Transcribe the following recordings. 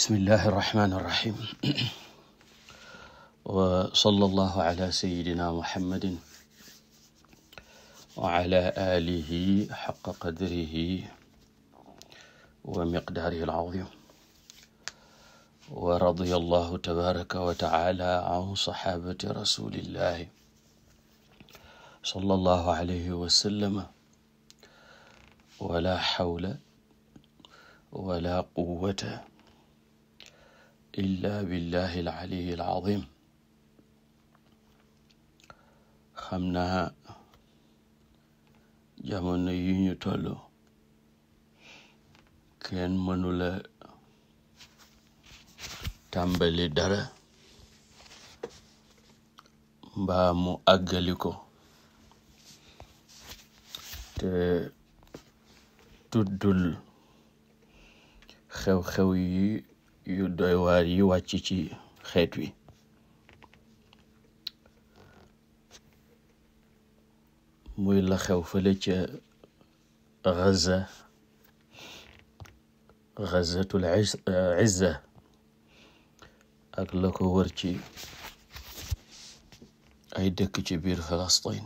bismillahi irrahmani irrahim wa sallallahu ala sayidina muhammadin wa ala alihi xaqa qadrihi wa miqdaarihi al-aziim wa radiya allahu tabaaraka wa taala an saxaabati rasulillahi sallallahu alayhi wa sallam wala xawla wala quwwata illa billahi alaliyi alazim xam naa jamono yi ñu toll kenn mënula tàmbali dara mbaa mu àggali ko te tuddul xew-xew yi yu doy waar yi wàcc ci xeet wi muy la xew fële ca Gaza Gazatul eh, Izza ak la ko wër ci ay dëkk ci biir Falastin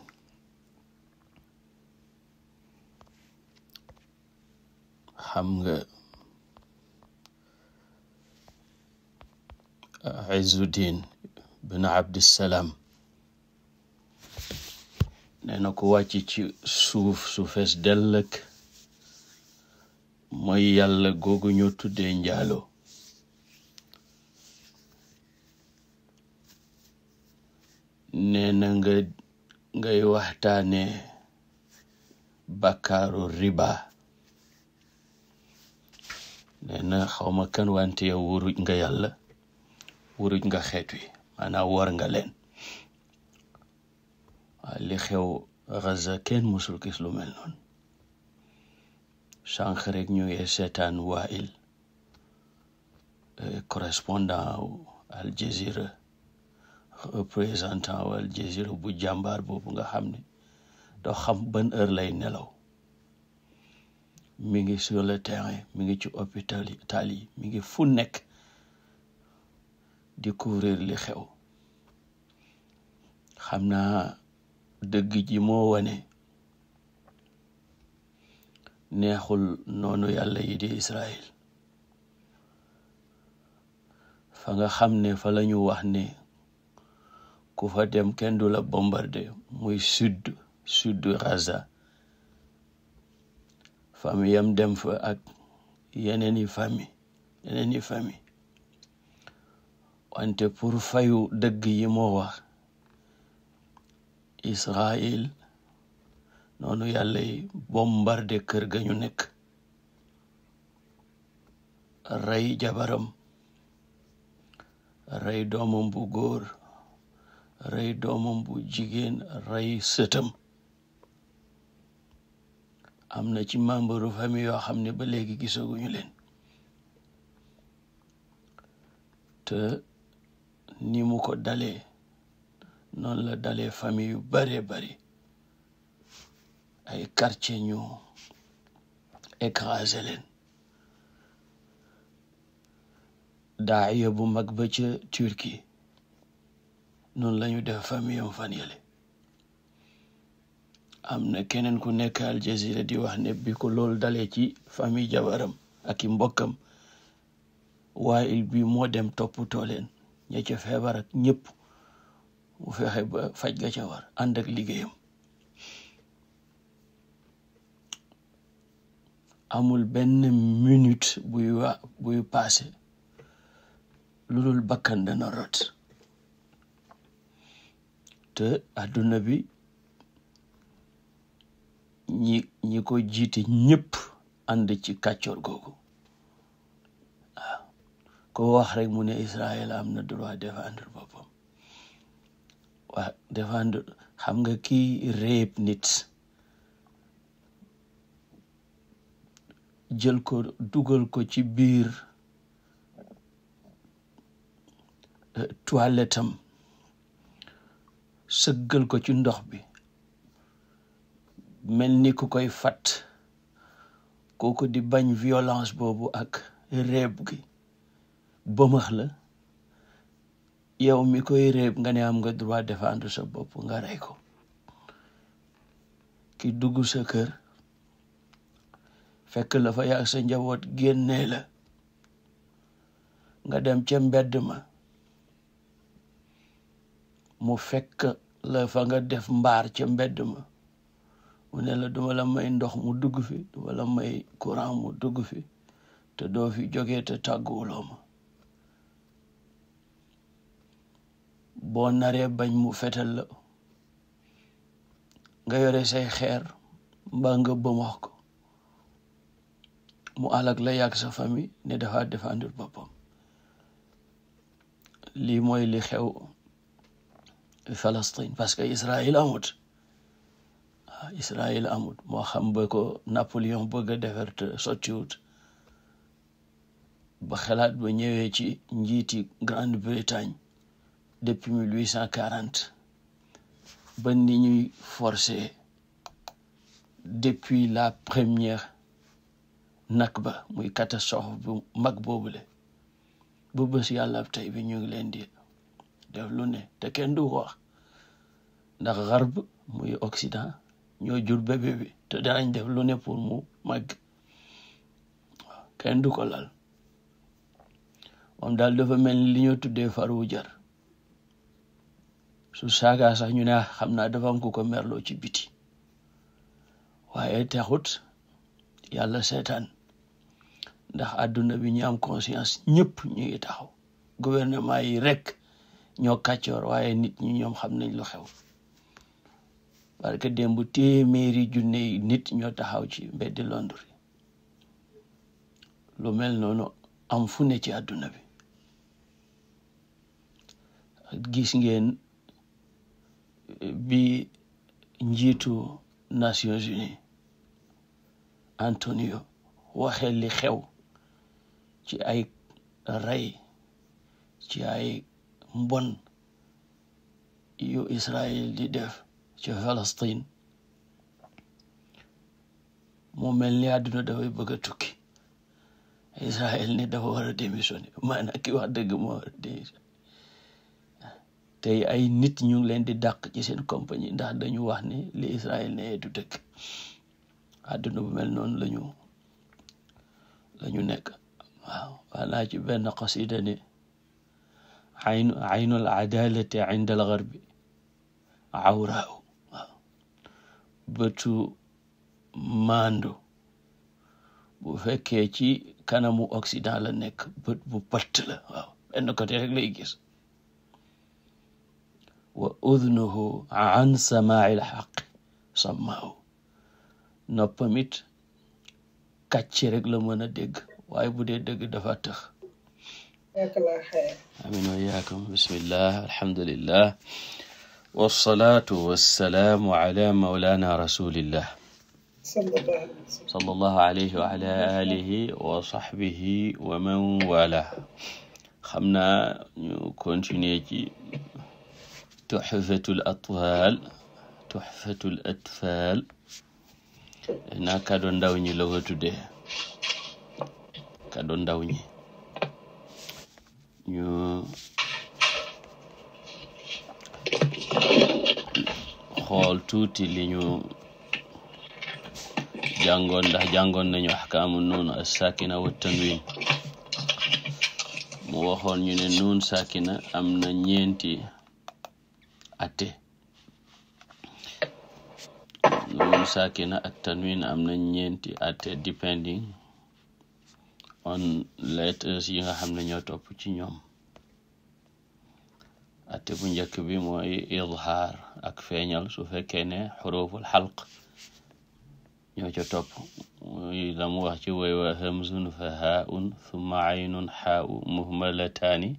xam nga Izzuddin bin Abdissalaam nee na ku wàcc ci suuf su fees dell mooy yàlla googu ñoo tuddee njaalo nee na nga ngay waxtaane bàkkaaru riba nee na xawma kan wante yow wuruj nga yàlla wuruj nga xeet wi maanaam war nga leen waaw li xew Gaza kenn mësul gis lu mel noonu sànq rek ñu ngi seetaan Wail eh, correspondant Al Jazeera représentant Al Jazeera bu jàmbaar boobu nga xam ne doo xam ban er lay nelaw mi ngi sur le terrain mi ngi ci hôpital yi mi ngi fu nekk di découvrir li xew xam naa dëgg ji moo wane neexul noonu yàlla yi di fa nga xam ne fa lañu wax ne ku fa dem kenn du la bombarde muy sud sud Gaza famille yam dem fa ak yeneen i famille yeneen famille wante pour fayu dëgg yi moo wax Israël noonu yàlla yi kër ga ñu nekk rey jabaram rey doomam bu góor rey jigéen rey sëtam am na ci membre famille yoo xam ne ba léegi gisaguñu leen te ni ko dalee noonu la dale famille yu bare bari ay quartier ñu écrasé leen daaya bu mag ba ca Turquie noonu la ñu def famille am fan yële am na keneen ku nekk Al di wax ne bi ko loolu dalee ci famille jabaram ak i mbokkam waaye bi moo dem toppatoo leen ña ca feebar ak ñëpp mu faj ga ca war ak liggéeyam amul benn minute buy wa paase lu dul bakkan dana rot te adduna bi ñi ñi ko jiite ñépp ànd ci kàccoor googu ko wax rek mu ne Israël am na droit défendre boppam waa défendre xam nga ki réeb nit jël ko dugal ko ci biir euh, toilette am sëggal ko ci ndox bi mel ni ku koy fat kooku di bañ violence boobu ak réeb gi bëmax la yow mi koy réeb nga ne am nga droit défendre sa bopp nga rey ko ki dugg sa kër fekk la fa yaag sa njawoot génnee la nga dem ca mbedd ma mu fekk la fa nga def mbaar ca mbedd ma mu ne la duma la may ndox mu dugg fi duma la may courant mu dugg fi te doo fi jógee te tàgguwuloo ma boo naree bañ mu fetal la nga yore say xeer mbaa nga bëmax ko mu alak la yàgg sa famille ne dafa défendre boppam lii mooy li xew Palestine parce que Israël amut ah Israël amut moo xam ba ko Napoléon bëgg a defar te sottiwut ba xalaat ba ñëwee ci njiiti Grande-Bretagne depuis 1840 ba ni ñuy force depuis la première ba muy catastrophe bu mag boobule bu bés yàlla tey bi ñu ngi leen di def lu ne te kenn du wax ndax xarb muy Occident ñoo jur bébé bi te danañ def lu ne pour mu màgg waaw kenn du ko lal moom daal dafa mel ni li ñoo tuddee faru jar su saaga sa ñu ne xam naa dafa am ku ko ci biti waaye taxut yàlla seetaan ndax àdduna bi ñi am conscience ñëpp ñu ngi taxaw gouvernement yi rek ñoo kàccoor waaye nit ñi ñoom xam nañ lu xew parce que démb téeméeri junne yi nit ñoo taxaw ci mbeddi Londres lu mel noonu am fu ne ci àdduna bi gis ngeen bi njiitu Nations Unies Antonio waxe li xew ci ay rey ci ay mbon yu Israël di def ci Palestine mu mel ni àdduna dafay bëgg a tukki Israël ni dafa war a démissionné ki wax dëgg moo war a tey ay nit ñu ngi leen di dàq ci seen compagnie ndax dañu wax ni li Israël ne du dëkk àdduna bu mel noon lañu lañu nekk waaw wax naa benn xasida ne aynu aynu al adalati inda al garbi awraaw waaw bëtu maandu bu fekkee ci kanamu Occident la nekk bët bu pëtt la waaw benn côté rek lay gis wa udnuhu an samaa'il xaq samaaw noppam it kàcc rek la mën a dégg waaye bu dee dégg dafa tëx amin wa yaakum bismillah alhamdulillah wassalaatu wassalaamu ala mawlana rasulillah sallallahu alayhi wa ala alihi wa sahbihi wa man wala xam naa ñu continuer ci tuxfatul atfal tuxfatul atfal naa kado ndaw ñi la ko tuddee kado ndaw ñi ñu xool tuuti li ñu jàngoon ndax jàngoon nañu axkaamu nuun as-saakina wa mu waxoon ñu ne nuun saakina am na ñeenti atte noonu saakina ak tanwin am na ñeenti atte depending on letters yi nga xam ne ñoo topp ci ñoom atte bu njëkk bi mooy izhaar ak feeñal su fekkee ne xuruful xalq ñoo ca topp muy la mu wax woy wa hamzun fa haun thumma aynun xaau muhmalataani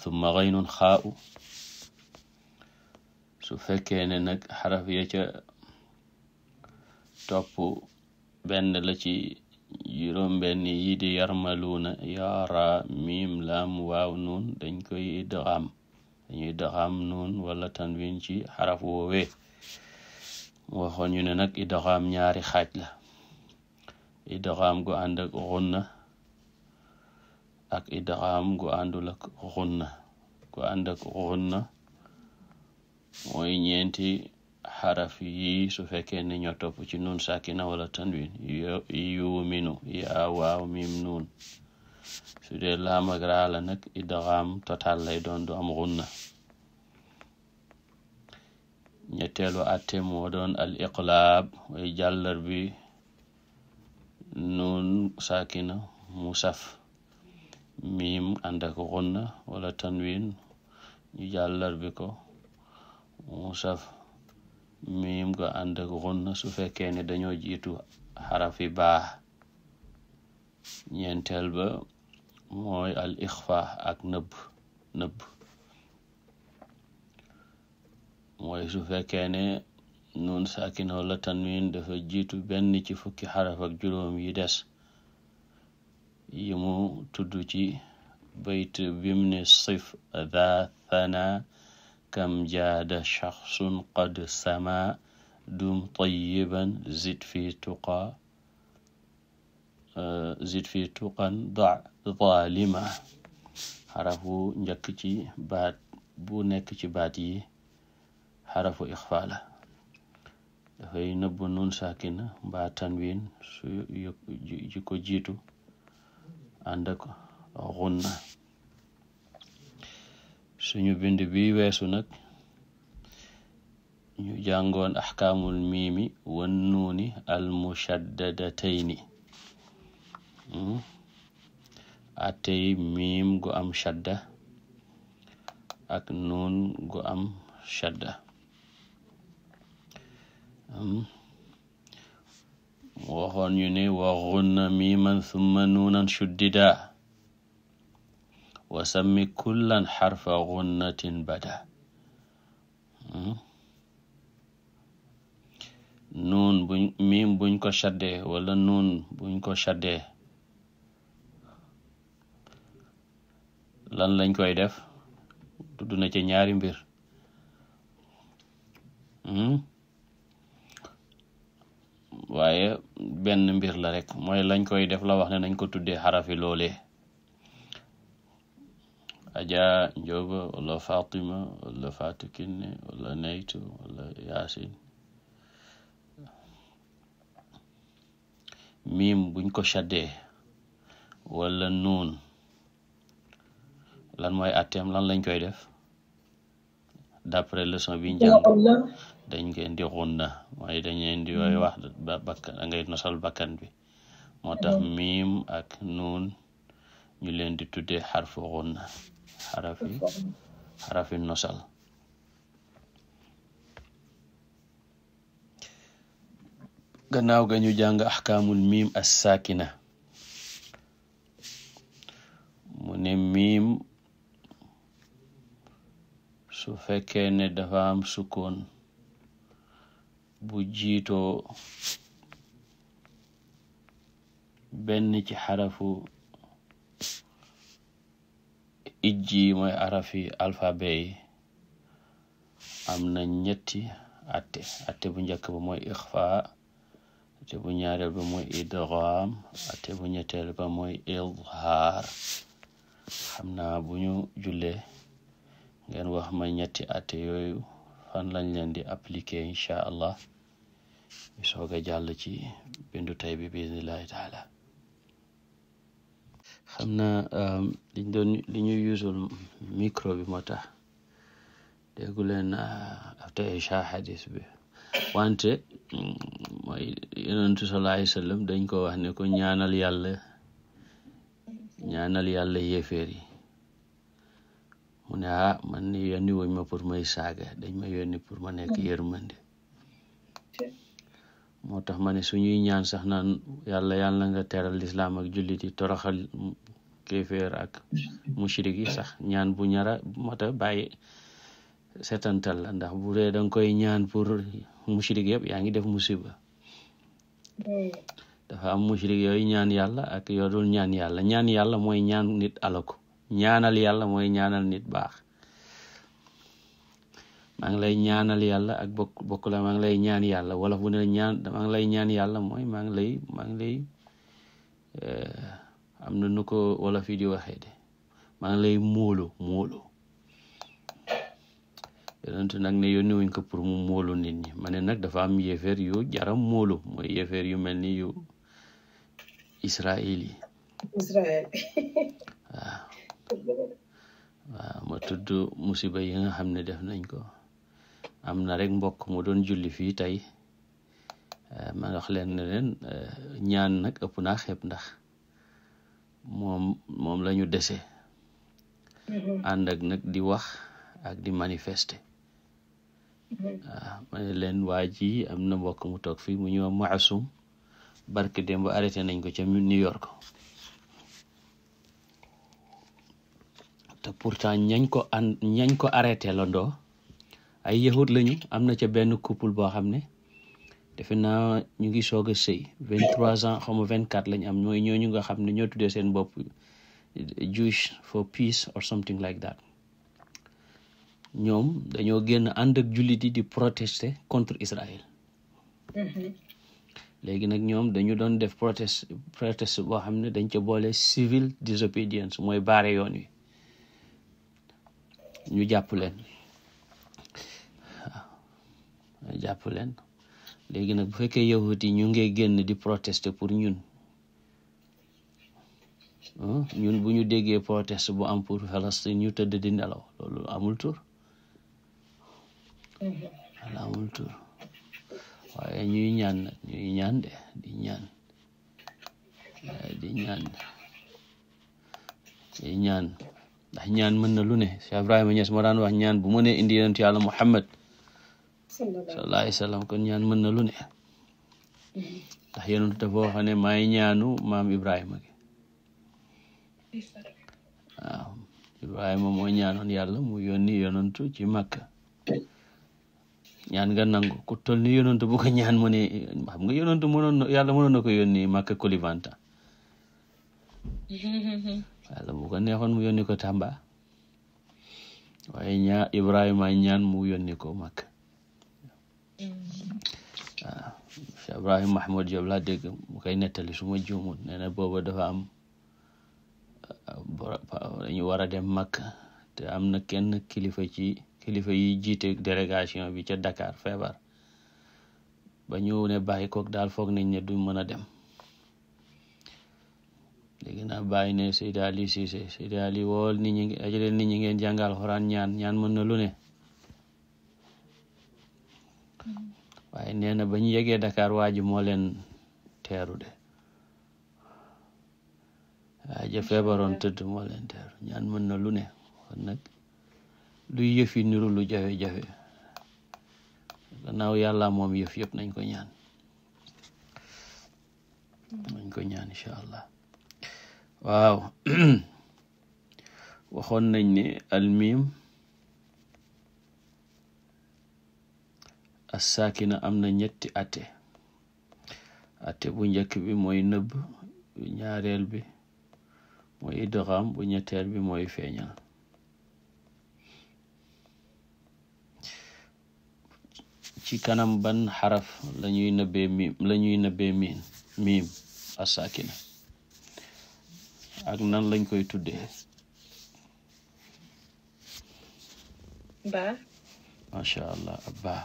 thumma gaynun xaau su fekkee ne nag xaraf ya ca topp benn la ci juróom-benn yi di yarmaluuna yaara miim laam waaw nuun dañ koy idgham dañuy idgham nuun wala tanwin ci xaraf woowee waxoon ñu ne nag idgham ñaari xaaj la idgham gu ànd ak gunna ak idgham gu àndul ak ak gunna mooy ñeenti xaraf yi su fekkee ne ñoo topp ci nun sakina wala tanwin yuminu yaa waaw mim nuun su dee laam ak raa la nag idgham total lay doon du am gunna ñetteelu atte moo doon al iqlaab mooy jàllar bi nuun sakina musaf miim ànd ak wala tanwin ñu jàllar bi ko musaf miim ga ànd ak gunna su fekkee ne dañoo jiitu xarafi baa ñeenteel ba mooy al ixfa ak nëbb nëbb mooy su fekkee ne nun saakina wala tanwin dafa jiitu benn ci fukki xaraf ak juróom yi des yi mu tudd ci bayt bim ne sif dha thana kam jaada shaxsun qad sama dum tayiban zid fi tuqan da zaalima xarafu njëkk ci baat bu nekk baat yi xarafu ixfa la dafay nun saakina mbaa tanwin su ji ko jiitu ànd ak xunna suñu bind bi weesu nag ñu jàngoon axkaamul miimi wan nuuni al hmm? atey miim gu am shadda ak nuun gu am shadda hmm? waxoon ñu ne wa miiman summa nuunan shuddida wa sammi kullan xarfa gunnatin bada nuun buñ ko shaddee wala nuun buñ ko shaddee lan lañ koy def tudd na ci ñaari mbir waaye benn mbir la rek mooy lañ koy def la wax nañ ko tuddee xarafi loolee Aja Njoba wala Fatima wala Fatou wala Neytu wala Yaasin miim buñ ko shaddee wala nuun lan mooy atteem lan lañ koy def d'après leçon biñ jàng dañ koy indi xunna mooy dañuy di yooyu wax ba bakkan da ngay nosal bakkan bi moo tax mm-hmm. miim ak nuun ñu leen di tuddee xarfu xunna harafin harafin nasal gannaaw ga ñu jàng axkaamul miim as saakina mu ne miim su fekkee ne dafa am sukkoon bu jiitoo benn ci xarafu ijji mooy arafi alphabet yi am na ñetti atte atte bu njëkk ba mooy ixfa atte bu ñaareel ba mooy idgham atte bu ñetteel ba mooy izhar xam na bu ñu jullee ngeen wax ma ñetti atte yooyu fan lañ leen di appliquer incha allah ñu soog a jàll ci bindu tey bi bismillahi taala xam na um, liñ doon li ñuy yuusul micro bi moo tax déggu leen uh, after isha hadis bi wante mooy yonentu sallallahu alayhi wasallam dañ ko wax ne ko ñaanal yàlla ñaanal yàlla yéeféer yi mu ne ah man ni yónni wuñ ma pour may saaga dañ ma yónni pour ma nekk mm. yërmande moo tax ma ne suñuy ñaan sax naan yàlla yàlla na nga teral lislaam ak jullit yi toroxal kéeféer ak mushrik yi sax ñaan bu ñara mata bàyyi setantal la ndax bu dee danga koy ñaan pour mushrik yëpp yaa ngi def musiba dafa am mushrik yooyu ñaan yàlla ak yoo ñaan yàlla ñaan yàlla mooy ñaan nit alako ñaanal yàlla mooy ñaanal nit baax maa lay ñaanal yàlla ak bokk bokk la maa ngi lay ñaan yàlla wolof bu ñaan maa lay ñaan yàlla mooy maa ngi lay maa ngi lay eh, am na nu ko wolof yi di waxee de maa ngi lay moolo móolu yonentu nag ne ko pour nit ñi ma ne nag dafa am yéeféer yu jaram móolu mooy yéeféer yu mel ni yu israel yi israel musiba yi nga xam ne def nañ ko am na rek mbokk mu doon julli fii tey eh, ma leen ne eh, ñaan nag ëpp na xeeb ndax moom moom la ñu dese ànd ak nag di wax ak di manifeste waaw ah, leen waa ji am na mbokk mu toog fii mu ñëw maasum barke démb arrêté nañ ko ca New York te pourtant ñañ ko an ñañ ko arrêté landoo ay yahut lañu am na ca benn couple boo xam ne defe naa ñu ngi soog a sëy vingt trois ans xaw ma vingt quatre lañu am ñoo ñu nga xam ne ñoo tuddee seen bopp Jewish for peace or something like that ñoom dañoo génn ànd ak jullit yi di protester contre Israël mm-hmm. léegi nag ñoom dañoo doon def protest protest boo xam ne dañ ca boole civil disobedience mooy baare yoon wi ñu jàpp leen jàpp leen léegi nag bu fekkee yahut yi ñu ngi génn di protester pour ñun ah, ñun bu ñu déggee proteste bu am pour Palestine ñu tëdd di nelaw loolu amul tur loolu amul tur waaye ñuy ñaan nag ñaan de di ñaan di ñaan di ñaan ndax ñaan mën na lu ne Cheikh Ibrahima Niass moo daan wax ñaan bu mënee indi yonent yàlla Muhammad sallallahu alayhi wa ñaan mën na lu ne ndax yonent dafa wax ne maay ñaanu maam Ibrahima gi waaw Ibrahima moo ñaanoon yàlla mu yónni yonantu ci Makka ñaan nga nangu ku toll ni yonantu bu ñaan mu ne xam nga yonantu mënoon yàlla mënoon ko yónni Makka Koulibantang yàlla bu neexoon mu yónni ko Tamba waaye ñaa Ibrahima ñaan mu yónni ko Makka waaw Cheikh Ibrahim Mahmoud Diop laa dégg mu koy nettali suma ma juumut nee na booba dafa am dañu war a dem Makka te am na kenn kilifa ci kilifa yi jiite délégation bi ca Dakar feebar ba ñu ne bàyyi kook daal foog nañ ne du mën a dem léegi naa bàyyi ne Seydi Ali Cissé Seydi Ali wool nit ñi ajaleen nit ñi ngeen jàngal xoraan ñaan ñaan mën na lu ne waaye nee na ba ñu yegee Dakar waa ji moo teeru de waa ja feebaroon tëdd moo teeru ñaan mën na lu ne kon nag luy yëf yi niru lu jafe-jafe gannaaw yàlla moom yëf yëpp nañ ko ñaan nañ ko ñaan incha allah waaw waxoon nañ ne almim assaakina am na ñetti atte ate bu njëkk bi mooy nëbb ñaareel bi mooy idgham bu ñetteel bi mooy feeñal ci kanam ban xaraf lañuy nëbbee miim lañuy nëbbee miin miim ak nan lañ koy tuddee ba allah abba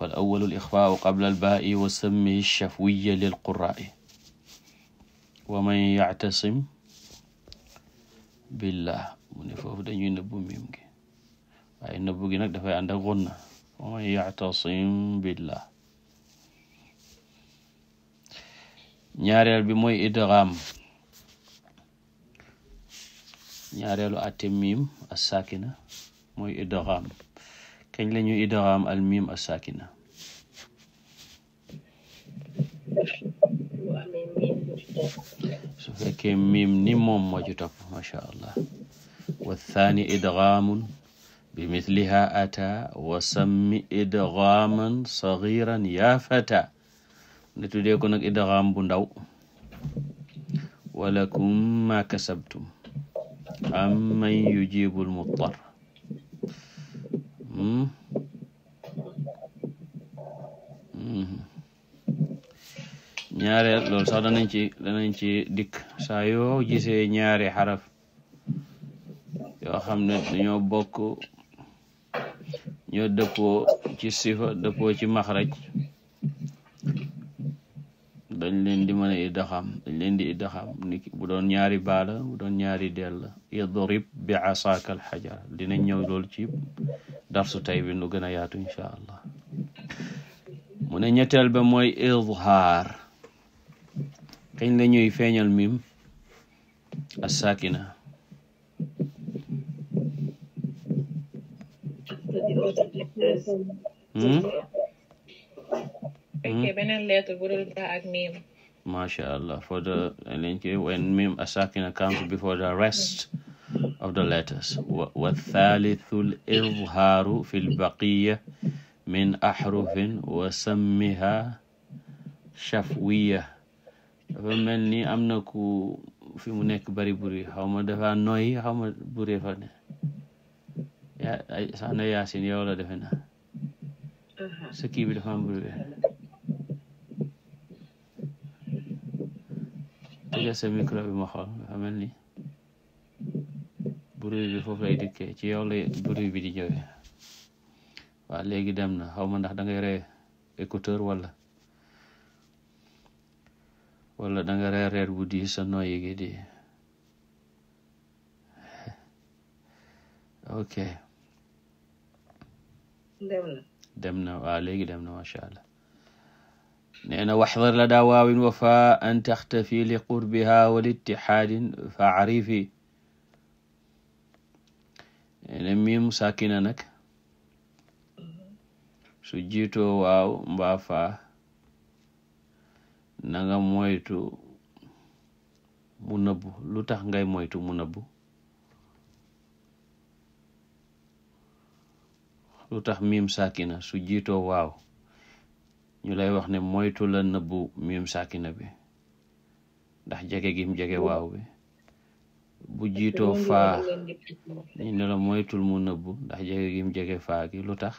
fal awalu l ixfaau qabla al baai wa sammi shafwiya lil qurraai wa man yactasim billah mu ne foofu dañuy nëbbu mim gi waaye nëbbu gi nag dafay ànd ak gunna wa man yactasim billah ñaareel bi mooy idgham ñaareelu atte miim as saakina mooy idgham kañ la ñuy idgaam al miim miim ni moom moo ci topp macha allah wa thaani idgaamun bi mithliha ata wa sammi idgaaman yaa fata ne tuddee ko nag idgaam bu ndaw walakum ma kasabtum amman yujibu al Mm-hmm. Mm-hmm. ñaareel loolu sax danañ ci danañ ci dikk saa yoo gisee ñaari xaraf yoo xam ne dañoo bokk ñoo dëppoo ci sifa dëppoo ci maxraj dañ leen di mën a idgaam dañ leen di idgaam niki bu doon ñaari bala bu doon ñaari dell idrib bi asaaka alxajar dinañ ñëw loolu ci darsu tay bi nu gën a yaatu incha allah mu ne ñetteel ba mooy izhaar kañ la ñuy feeñal mim assaakina hmm? fekkee hmm? beneen lettre bu dul ba ak miim masha allah for the linki when miim asakina comes before the rest of the letters wa thalithul izharu fi lbaqiya min ahrufin wa sammiha shafwiya dafa mel ni am na ku fi mu nekk bari buri xaw ma dafa nooyi xaw ma buri fa ne ya sax na yaasin yow la defe na sa kii bi dafa am buri tëjal sa micro bi ma xool nga mel ni bruit foofu lay dikkee ci yow lay bruit bi di ñëwee waa léegi dem na xaw ma ndax da nga yore écouteur wala wala da nga reer reer bu di sa noyyi gi di ok dem na waaw léegi dem na macha allah nee na waxdar waawin wafa an taxtafi li qurbiha wa littihaadin fa arifi nee na miim sakina nag su jiitoo waaw mbaa faa nanga moytu mu nëbbu lu tax ngay moytu mu nëbbu lu tax miim sakina su jiitoo waaw ñu lay wax ne moytu la nëbbu miim saakina bi ndax jege gim jege waaw bi bu jiitoo faa dañ ne la moytul mu nëbbu ndax jege gim jege faa gi lu tax.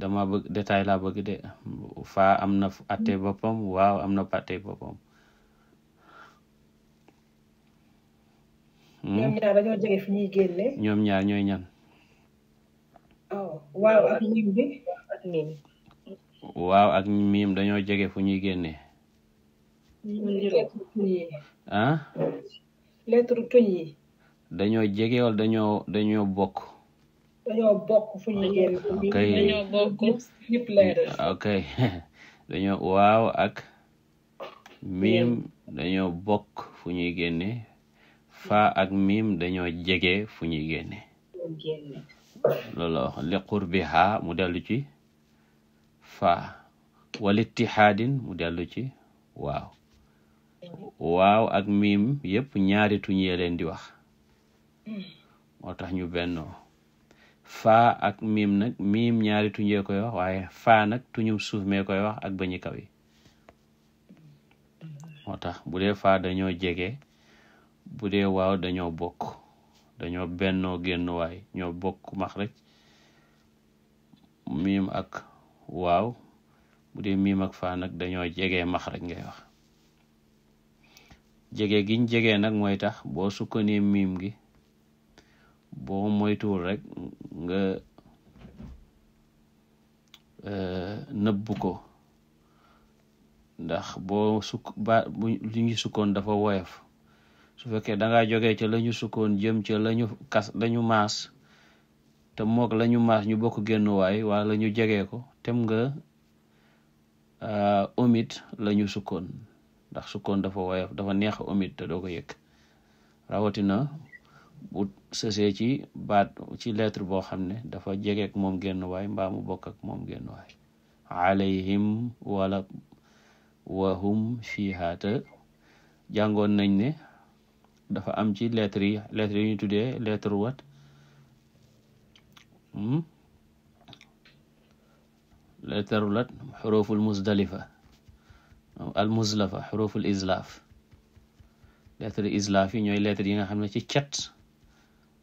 dama bëgg détail laa bëgg de faa am na àtte boppam waaw am na pàtte boppam. Hmm? ñoom ñaar dañoo ñooy ñan. Oh, waaw ak miim dañoo jege fu ñuy génne. ah. lettre dañoo jege wala dañoo bokk. dañoo bokk fu ñuy génne. dañoo bokk ak miim dañoo bokk fu ñuy génne. faa ak miim dañoo jege fu ñuy génne loolu la wax li mu dellu ci faa wal mu dellu ci waaw waaw ak miim yëpp ñaari tuñ yee di wax moo tax ñu bennoo faa ak miim nag miim ñaari tuñ yee koy wax waaye faa suuf mee koy ak bañu kaw yi bu dee faa dañoo jege bu dee waaw dañoo bokk dañoo bennoo génn waay ñoo bokk maxraj miim ak waaw bu dee miim ak faa nag dañoo jege max rekk nga jege giñ jege nag mooy tax boo sukkanee miim gi boo moytuwul rek nga euh, nëbb ko ndax boo sukk ba bu sukkoon dafa woyof su fekkee da ngaa jógee ca la sukkoon jëm ca lañu ñu kas la maas te mook lañu maas ñu bokk génnuwaay wala lañu ñu ko tem nga ah, omit lañu sukkoon ndax sukkoon dafa woyof dafa neex omit te doo ko yëg rawatina bu sësee ci baat ci lettre boo xam ne dafa jegeek moom génnuwaay mbaa mu bokk ak moom génnuwaay alayhim wala wahum fiiha jàngoon nañ ne dafa am ci lettre yi lettre yi ñu tuddee lettre wat hmm? lettre lat xuruful musdalifa al muslafa xuruful islaaf lettre islaaf ñooy lettre yi nga xam ne ci cat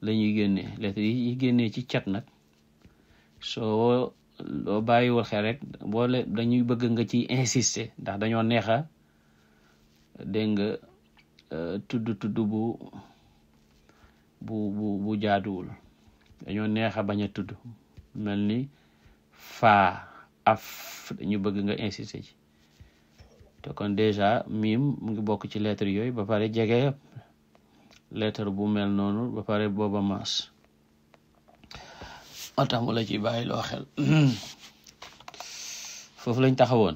la ñuy génnee lettre yi génnee ci chat nag soo loo bàyyiwul rek boole dañuy bëgg nga ci insister ndax dañoo neexa dégg nga tudd tudd bu bu bu bu jaaduwul dañoo neex a bañ a tudd mel ni faa af dañu bëgg nga insister ci te kon déjà miim mu ngi bokk ci lettre yooyu ba pare jege lettre bu mel noonu ba pare booba maas moo tax ci bàyyi loo xel lañ taxawoon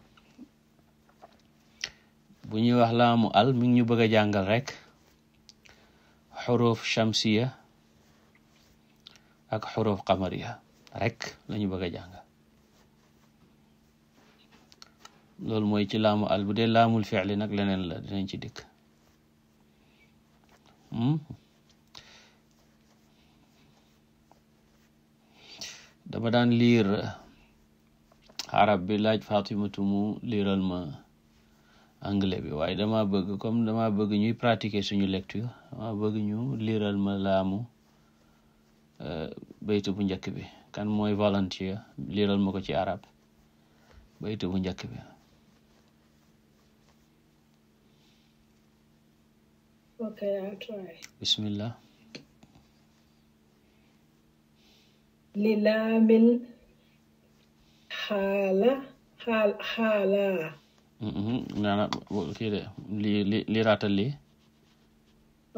bu ñuy wax laamu al mi ñu bëgg a jàngal rek xuruf shamsiya ak xuruf qamariya rek la ñu bëgg a jàngal loolu mooy ci laamu al bu dee laamul fi'li nag leneen la dinañ ci dikk hmm? dama daan liir arab bi laaj Fatimatu mu liiral ma anglais bi waaye dama bëgg comme dama bëgg ñuy pratiquer suñu lecture dama bëgg ñu liiral ma laamu euh, baytu bu njëkk bi kan mooy volontaire liiral ma ko ci arab baytu bu njëkk bi Okay, I'll try. xaala xaala Mm-hmm. naana kii de li raatal lii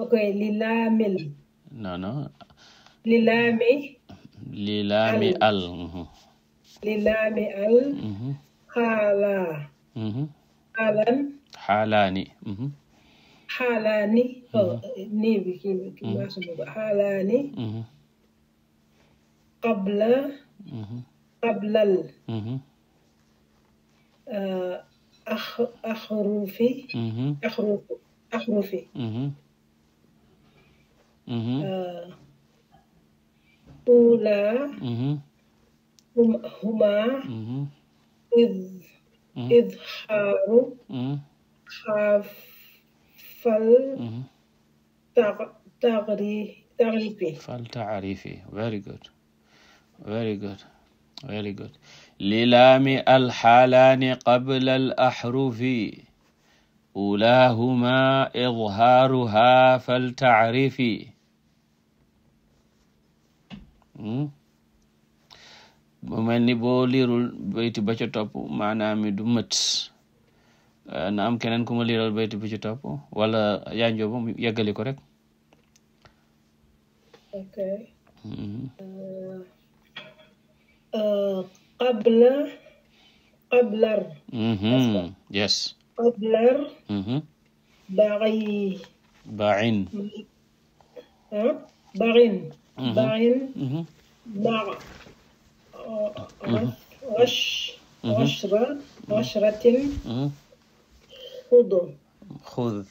ok li laami la laami al li laami al mm-hmm. mm-hmm. xaalaa xaalan xaalaani xaalaani oh, nii bi kii kii qablal uh, أخ أخروفي أخروف أخروفي طولا هما إذ إذ خاروا خافل تغريبي فالتعريفي very good very good very good lilaami alxaalaani qabla alaxrufi ulahuma idhaaruha faltacrifi mu mel ni boo liirul bayti ba ca topp maanaam mi du mët na keneen ku ma liiral bayti ba ca topp wala yaa njooba mu ko rek Abla Ablar. Mm-hmm. Yes. Ablar. Mm-hmm. Bari. Barin. Hein? Barin. Mm-hmm. Barin. Mm-hmm. Bar. Rosh. Roshra. Roshratin. Khud. Khud.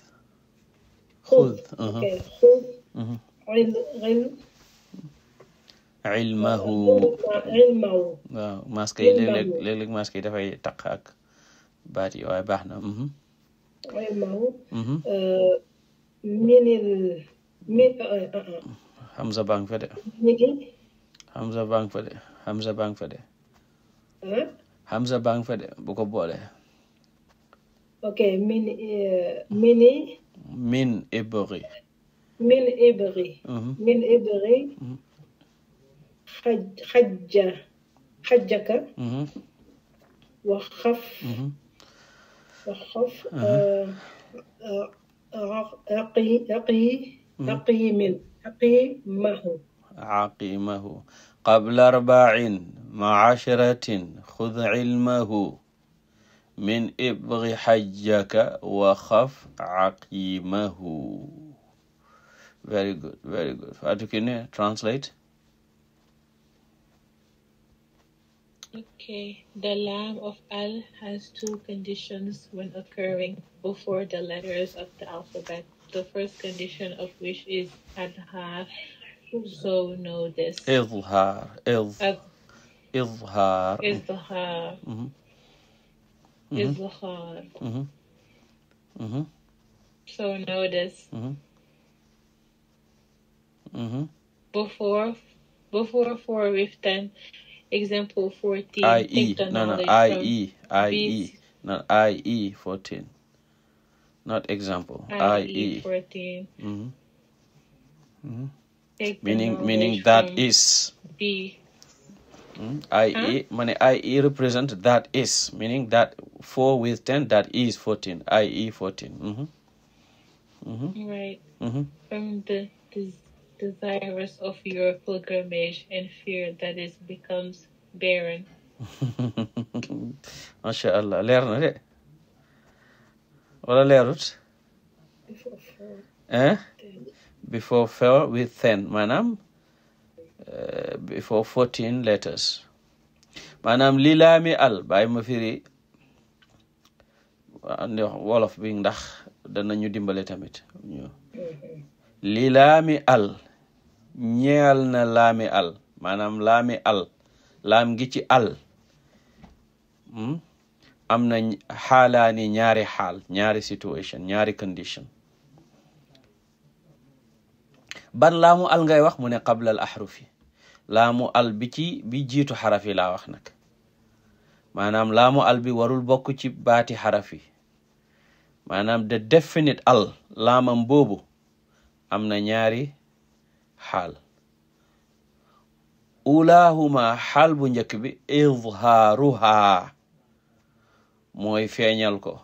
Khud. Uh-huh. Okay. Khud. Ghil. Mm-hmm. Ghil. ilmahu waaw masque yi léeg-léeg yi dafay taq ak baat waaye baax na mhm. ilmahu mhm. Euh, minil mi euh, euh, Hamza baa ngi fa de Hamza baa ngi fa de Hamza baa ngi fa de Hamza ko boole min ibri mhm. xaj xajja xajjaka mm-hmm. wa xaf mm-hmm. wa xaf raqi mm-hmm. uh, uh, raqi raqimin raqimahu aqimahu qabla arbacin maca ashratin xud cilmahu min ibgi xajjaka wa xaf aqimahu very good very good Fatou Kiné translate Okay, the lam of al has two conditions when occurring before the letters of the alphabet. The first condition of which is adhar, Izhar, izhar. Izhar. Izhar. Before, before four Example 14. IE. No, no, IE. IE. E Not example. IE 14. E. Mm-hmm. Mm-hmm. Meaning, meaning that is. B. Mm, mm-hmm. IE, huh? money e represent that is, meaning that 4 with 10, that is 14, IE 14. Mm-hmm. Mm-hmm. Right. Mm-hmm. desirous of your pilgrimage and fear that it becomes barren. macha allah leer na de wala leerut. Eh? eh before four with ten maanaam uh, maanaam li laami al bàyyi ma firi wolof bi ndax danañu dimbale tamit mm-hmm. lilaami al ñeel na laami al maanaam laami al laam gi ci al hmm? am na xaalaani ñaari xaal ñaari situation ñaari condition ban laamu al ngay wax mu ne qabla al ahrufi laamu al bi ci bi jiitu xaraf laa wax nag maanaam laamu al bi warul bokk ci baati xaraf yi maanaam de definite al laamam boobu am na ñaari xaal ulaahuma xaal bu njëkk bi izhaaruha mooy feeñal ko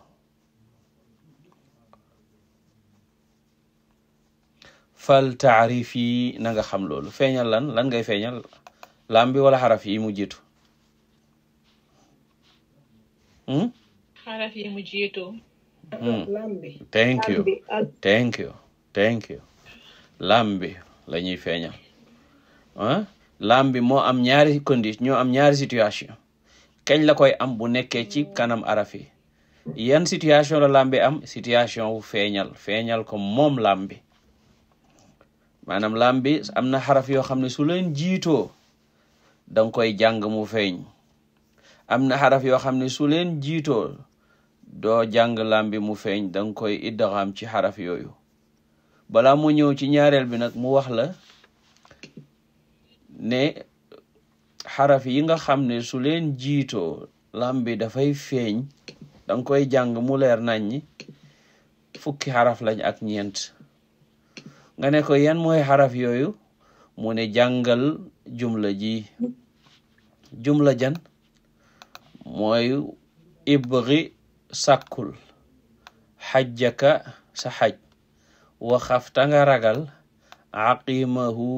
fal taarif nanga na xam loolu feeñal lan lan ngay feeñal laam bi wala xaraf yi mu jiitu hmm? xaraf yi mu jiitu hmm. laam bi thank you thank you thank you laam lañuy feeñal ah laam bi moo am ñaari condition ñoo am ñaari situation kañ la koy am bu nekkee ci kanam arafi yi yan situation la laam bi am situation wu feeñal feeñal ko moom laam bi maanaam laam bi am na xaraf yoo xam ne su leen jiitoo danga koy jàng mu feeñ am na xaraf yoo xam ne su leen jiitoo doo jàng laam bi mu feeñ danga koy idgaam ci xaraf yooyu bala mu ñëw ci ñaareel bi nag mu wax la ne xaraf yi nga xam ne suleen leen jiitoo lam bi dafay feeñ danga koy jàng mu leer nañ ñi fukki xaraf lañ ak ñeent nga ne ko yan mooy xaraf yooyu mu ne jàngal jumla ji jumla jan mooy ibri sàkkul xajjaka sa xaj waxaf ta nga ragal aqimahu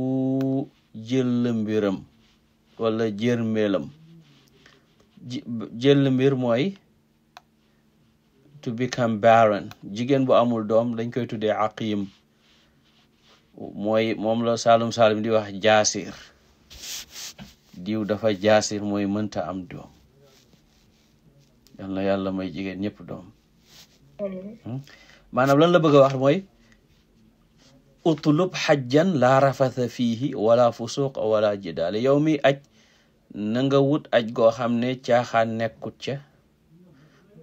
jëll mbiram wala mbir mooy to become barren jigéen bu amul doom dañ koy tuddee aqim mooy moom la salum saalum di wax jaasir di dafa jaasir mooy mënta am doom yal na yàlla jigéen ñëpp doom hmm? maanaam lan la bëgg a wax mooy utlub xajjan la rafatha fiihi wala fusuq wala jidaale yow mi aj nanga wut aj goo xam ne caaxaan nekkut ca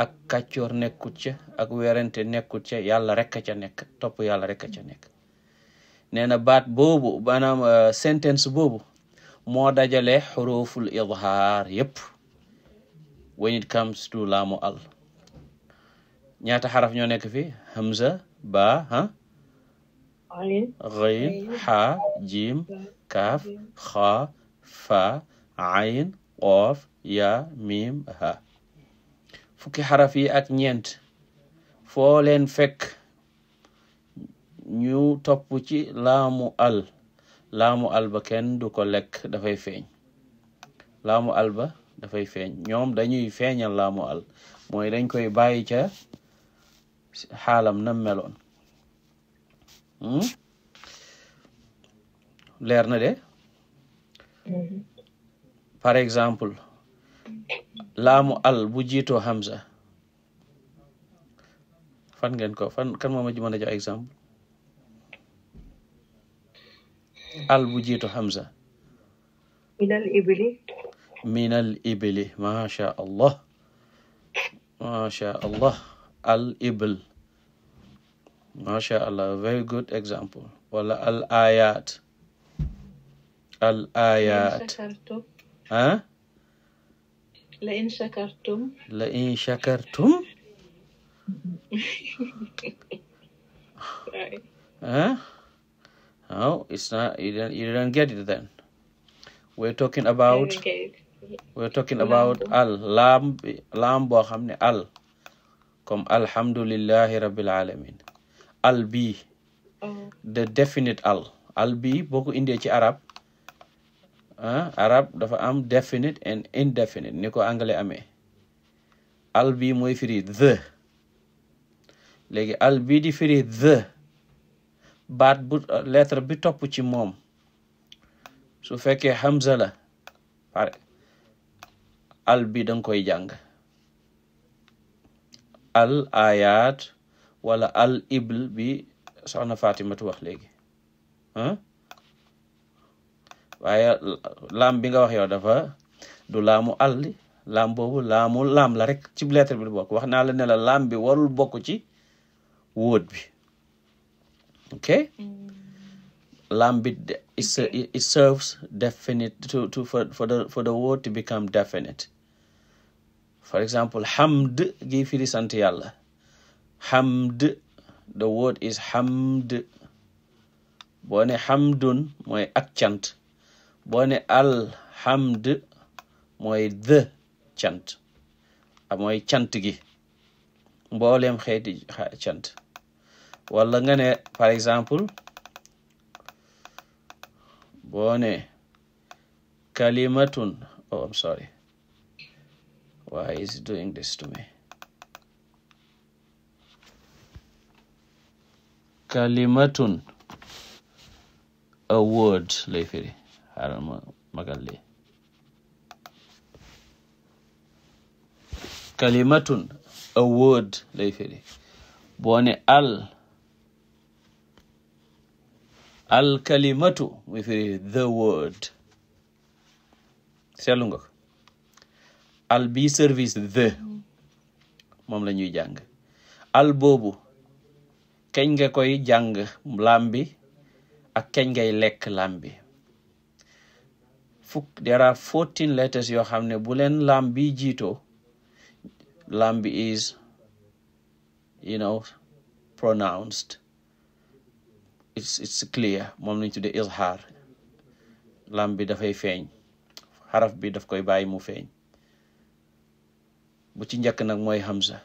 ak kàccoor nekkut ca ak werante nekkut ca yàlla rekk ca nekk topp yàlla rekk ca nekk nee na baat boobu maanaam euh, sentence boobu moo dajale xuruful idhaar yépp when it comes to xaraf ñoo nekk fi غين حاء جيم كاف خاء فاء عين قاف yaa miim ha fukki xaraf yi ak ñeent fooleen fekk ñu topp ci laamu al laamu al ba kenn du ko lekk dafay feeñ laamu al ba dafay feeñ ñoom dañuy feeñal laamu al mooy dañ koy bàyyi ca xaalam na meloon Hmm? leer na de par exemple laamu al bu jiitoo Hamza fan ngeen ko fan ji mën a jox exemple al bu jiitoo Hamza minal ibili minal ibili macha allah macha allah al ibl masha allah very good example wala al ayat al ayat ah la in shakartum la in shakartum huh? no it's not you didn't, you didn't get it then we're talking about we're talking about al laam laam boo xam ne al comme alhamdulillahi rabbil alamin al bii mm. the definite al al bii boo ko indee ci arab ah arab dafa am definite and indefinite ni ko anglais amee al bii mooy firi the léegi al bii di firi the baat bu lettre bi topp ci moom su fekkee hamza la pare danga koy jàng al ayat wala al ibl bi soxna Fatimatu wax léegi waaye laam bi nga wax yow dafa du laamu àll laam boobu laamu laam la rek ci lettre bi bokk wax naa la ne la laam bi warul bokk ci wóot bi ok laam bi it serves definite to to for for hamd gi firi sant yàlla hamd the word is hamd boo hamdun mooy ak cant boo ne alhamd mooy the cant a mooy gi mboolem xeeti cant wala nga par exemple boo ne kalimatun oh, is doing this to me kalimatun a word lay firi xaaral magal li kalimatun a lay firi boo al al kalimatu muy firi the word seetlu nga al bi service the mm-hmm. moom la ñuy jàng al boobu keñ nga koy jàng laam bi ak kañ ngay lekk laam bi fukk there are letters yoo xam ne bu leen laam bi jiitoo laam is you know pronounced it's it's clear moom lañ tuddee izhaar laam bi dafay feeñ xaraf bi daf koy bàyyi mu feeñ bu ci njëkk nag mooy hamza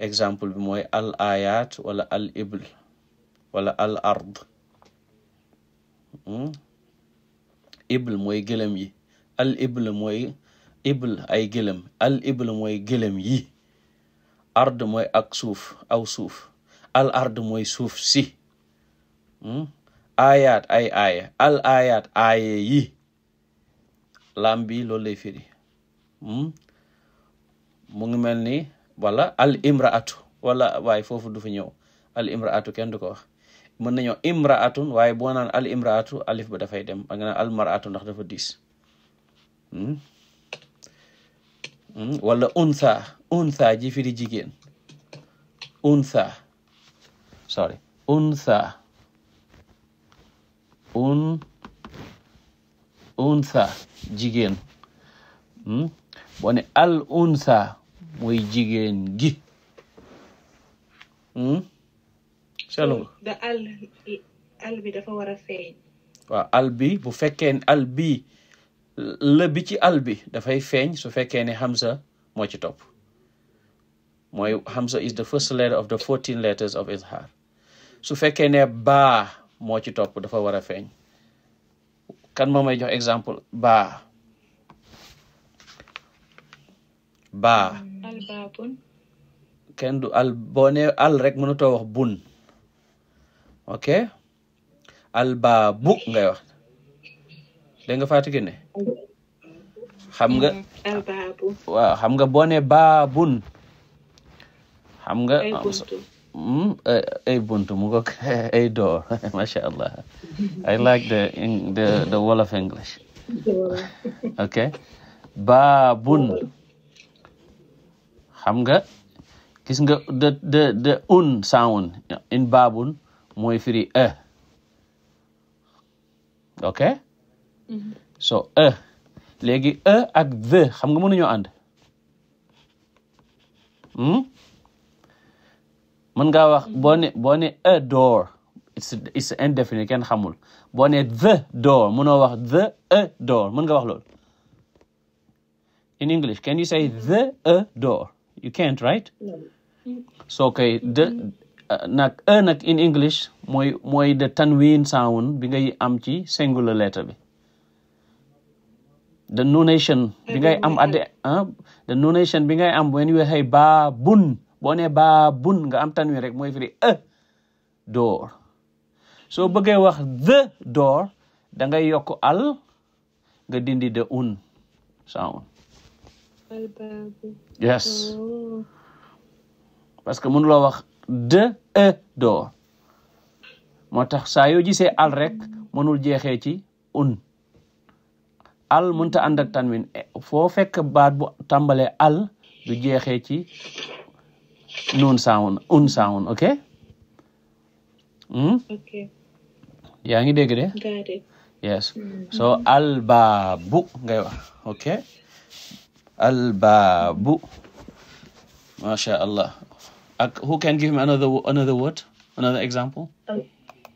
exemple bi mooy al ayat wala al ibl wala al ard hmm? ibl mooy gëlëm yi al ibl mooy ibl ay gëlëm al ibl mooy gëlëm yi ard mooy ak suuf aw al ard mooy suuf si hmm? ayat ay aaya al ayat aaye yi lam bi loolu lay firi hmm? mu mel ni wala al imraatu wala waaye foofu du fi ñëw al imraatu kenn du ko wax mën nañoo imraatun waaye boo naan al imraatu alif ba dafay dem ba nga al maraatu ndax dafa diis hmm? Hmm? wala unsa unsa ji jigéen unsa sorry unsa jigéen hmm? boo al unsa mooy jigéen gi hmm? selu nga al dafa war feeñ waaw al bu fekkee ne al la bi ci al bi dafay feeñ su fekkee ne Hamza moo ci topp mooy Hamza is the first letter of the fourteen letters of izhar su fekkee ne baa moo ci topp dafa war a feeñ kan moo may jox exemple baa baa hmm. kenn du al boo rek mënutoo wax bun ok albaabu ngay nga Fatou Kiné xam nga mm, albaabu xam nga boo nee baabun xam nga ay buntu hmm, mu ko ay door masha Allah I like the the the English ok baabun xam nga gis nga de de de un sound in baabun mooy firi e ok mhm. so e léegi e ak the xam nga mënuñoo ànd hmm? mën ngaa wax boo ne boo a e door it's it's indefinite kenn xamul boo ne the door mënoo wax the a e door mën nga wax loolu in English can you say the a e door you can't right so kay the uh, uh, in english mooy mooy the tanwin sound bi ngay am ci singular letter bi the nunation bi ngay am at the the bi ngay am when you say bun boo nee bun nga am tanwin rek mooy firi a uh, door soo bëggee wax the door da yokk al nga dindi the un sound yes oh. parce que mënuloo wax de e doo moo tax saa yoo gisee al rek mënul jeexee ci un al mënta ànd ak tanwin e, foo fekk baat bu tàmbalee al du jeexee ci nun sound un sound ok mm? ok yaa ngi dégg de yes hmm. so al baabu ngay albaabu masha Allah ak who can give me another another word another example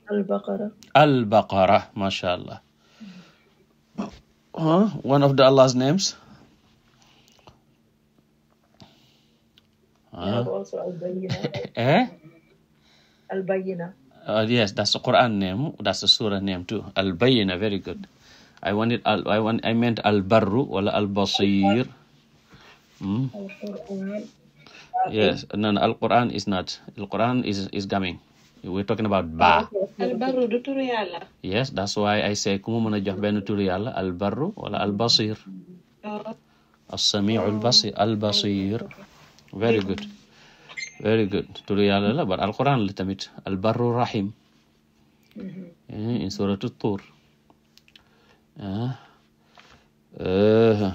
albaqara albaqara masha Allah huh? one of the Allah's names huh? eh? albayina uh, yes that's the Quran name that's the surah name too albayina very good I wanted al I want I meant albarru wala albasir Mm? Yes, no, quran is not. Al-Quran is is coming. We're talking ah, du turu Yàlla. Yes, that's why I say ku mu mën a jox benn turu Yàlla Al-Barru wala Al-Basir. Ah. As-Sami'u ah. Al-Basir quran la tamit Rahim. Mm-hmm. Eh, in suratu Tur. Uh,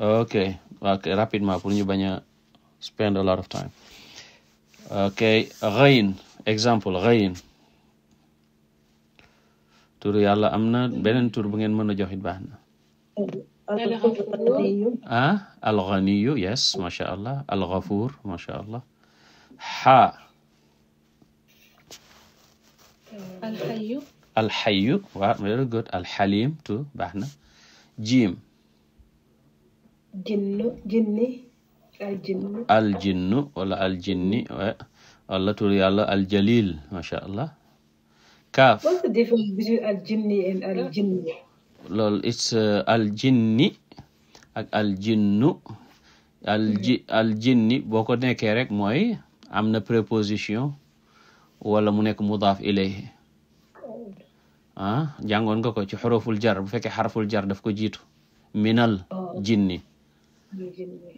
ok ok rapidement pour ñu bañ a spend a lot of time ok ghayn exemple ghayn turu yàlla am na beneen tur bu ngeen mën a joxit baax na ah alghaniyu yes macha allah alghafur macha allah xaa alxayu alxayu waaw very good alxalim tu baax na jiim jinnu jinni aljinnu aljinnu wala aljinni wala tur yàlla aljalil macha allah kaaf loolu it's uh, aljinni ak aljinnu alji aljinni boo ko nekkee rek mooy am na préposition wala mu nekk mudaaf ilayhi ah jàngoon nga ko ci xuruful jar bu fekkee xarful jar daf ko jiitu minal oh. jinni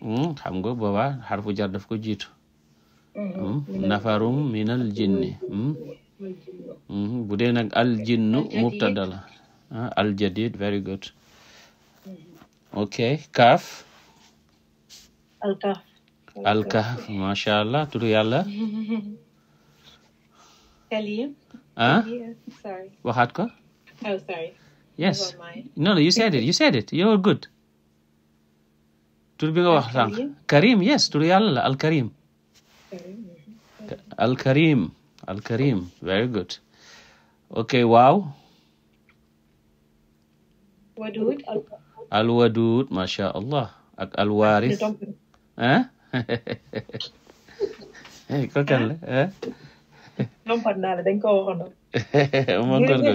Hmm, xam nga booba xarfu jar daf ko jiitu hmm, nafarum minal jinni hmm. bu dee nag al jinnu mubtada la ah, al jadid very ok kaaf al kaaf macha allah tur yàlla ah waxaat ko oh, yes no no you said it you said it you were good tur bi nga wax sànq Karim yes tur yàlla la Alkarim Alkarim Alkarim very good ok waaw Wadud Alwadud masha Allah ak Alwaris ah kokan la ah lompat naa la ko waxoon man kon ko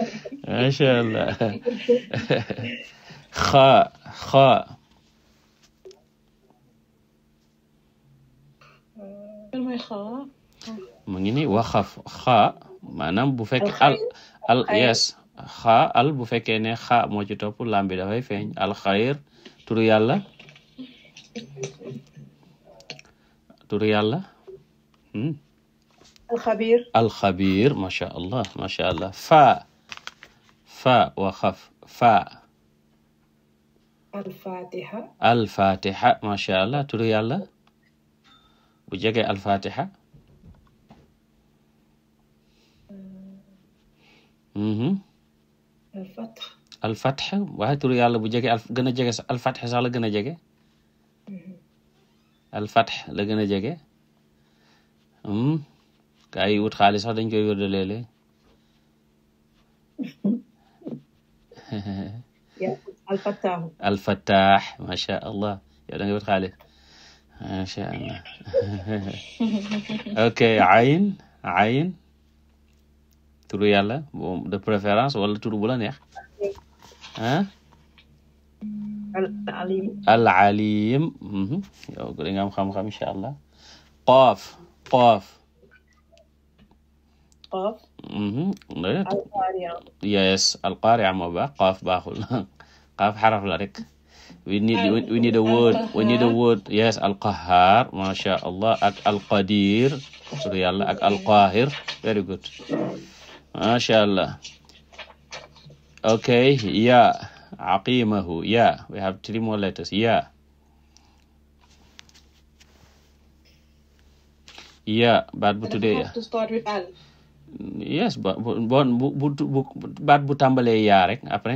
masha mu ngi ni waxaf xaa maanaam bu fekkee al yes xaa al bu fekkee ne xaa moo ci topp lam dafay feeñ alxayr turu yàlla turu yàlla alxabir alxabir macha allah macha allah faa faa waxaf faa alfatiha alfatiha macha allah turu yàlla bu jege alfatiha mm-hmm. alfatx waaye tur yàlla bu jege al gën a jege sax alfatx sax la gën a jege mm-hmm. alfatx la gën a jege mm-hmm. gaa wut xaalis sax dañ koy wér de léeg-léeg alfattaax macha allah yow da nga wut xaalis ما شاء الله ok ayin ayin turu yàlla de préférence wala turu bu la neex ah al alim mhm. yow da nga am xam-xam incha allah qaaf qaaf mhm. qaaf yes al qaari'a moo baax qaaf baaxul qaaf xaraf la rek we need we need a word we need a word yes alqahar masha allah ak alqadir alqahir very good masha allah okay ya aqimahu ya we have three more letters ya ya baat bu tuddee ya yes bu baat bu tàmbalee yaa rek après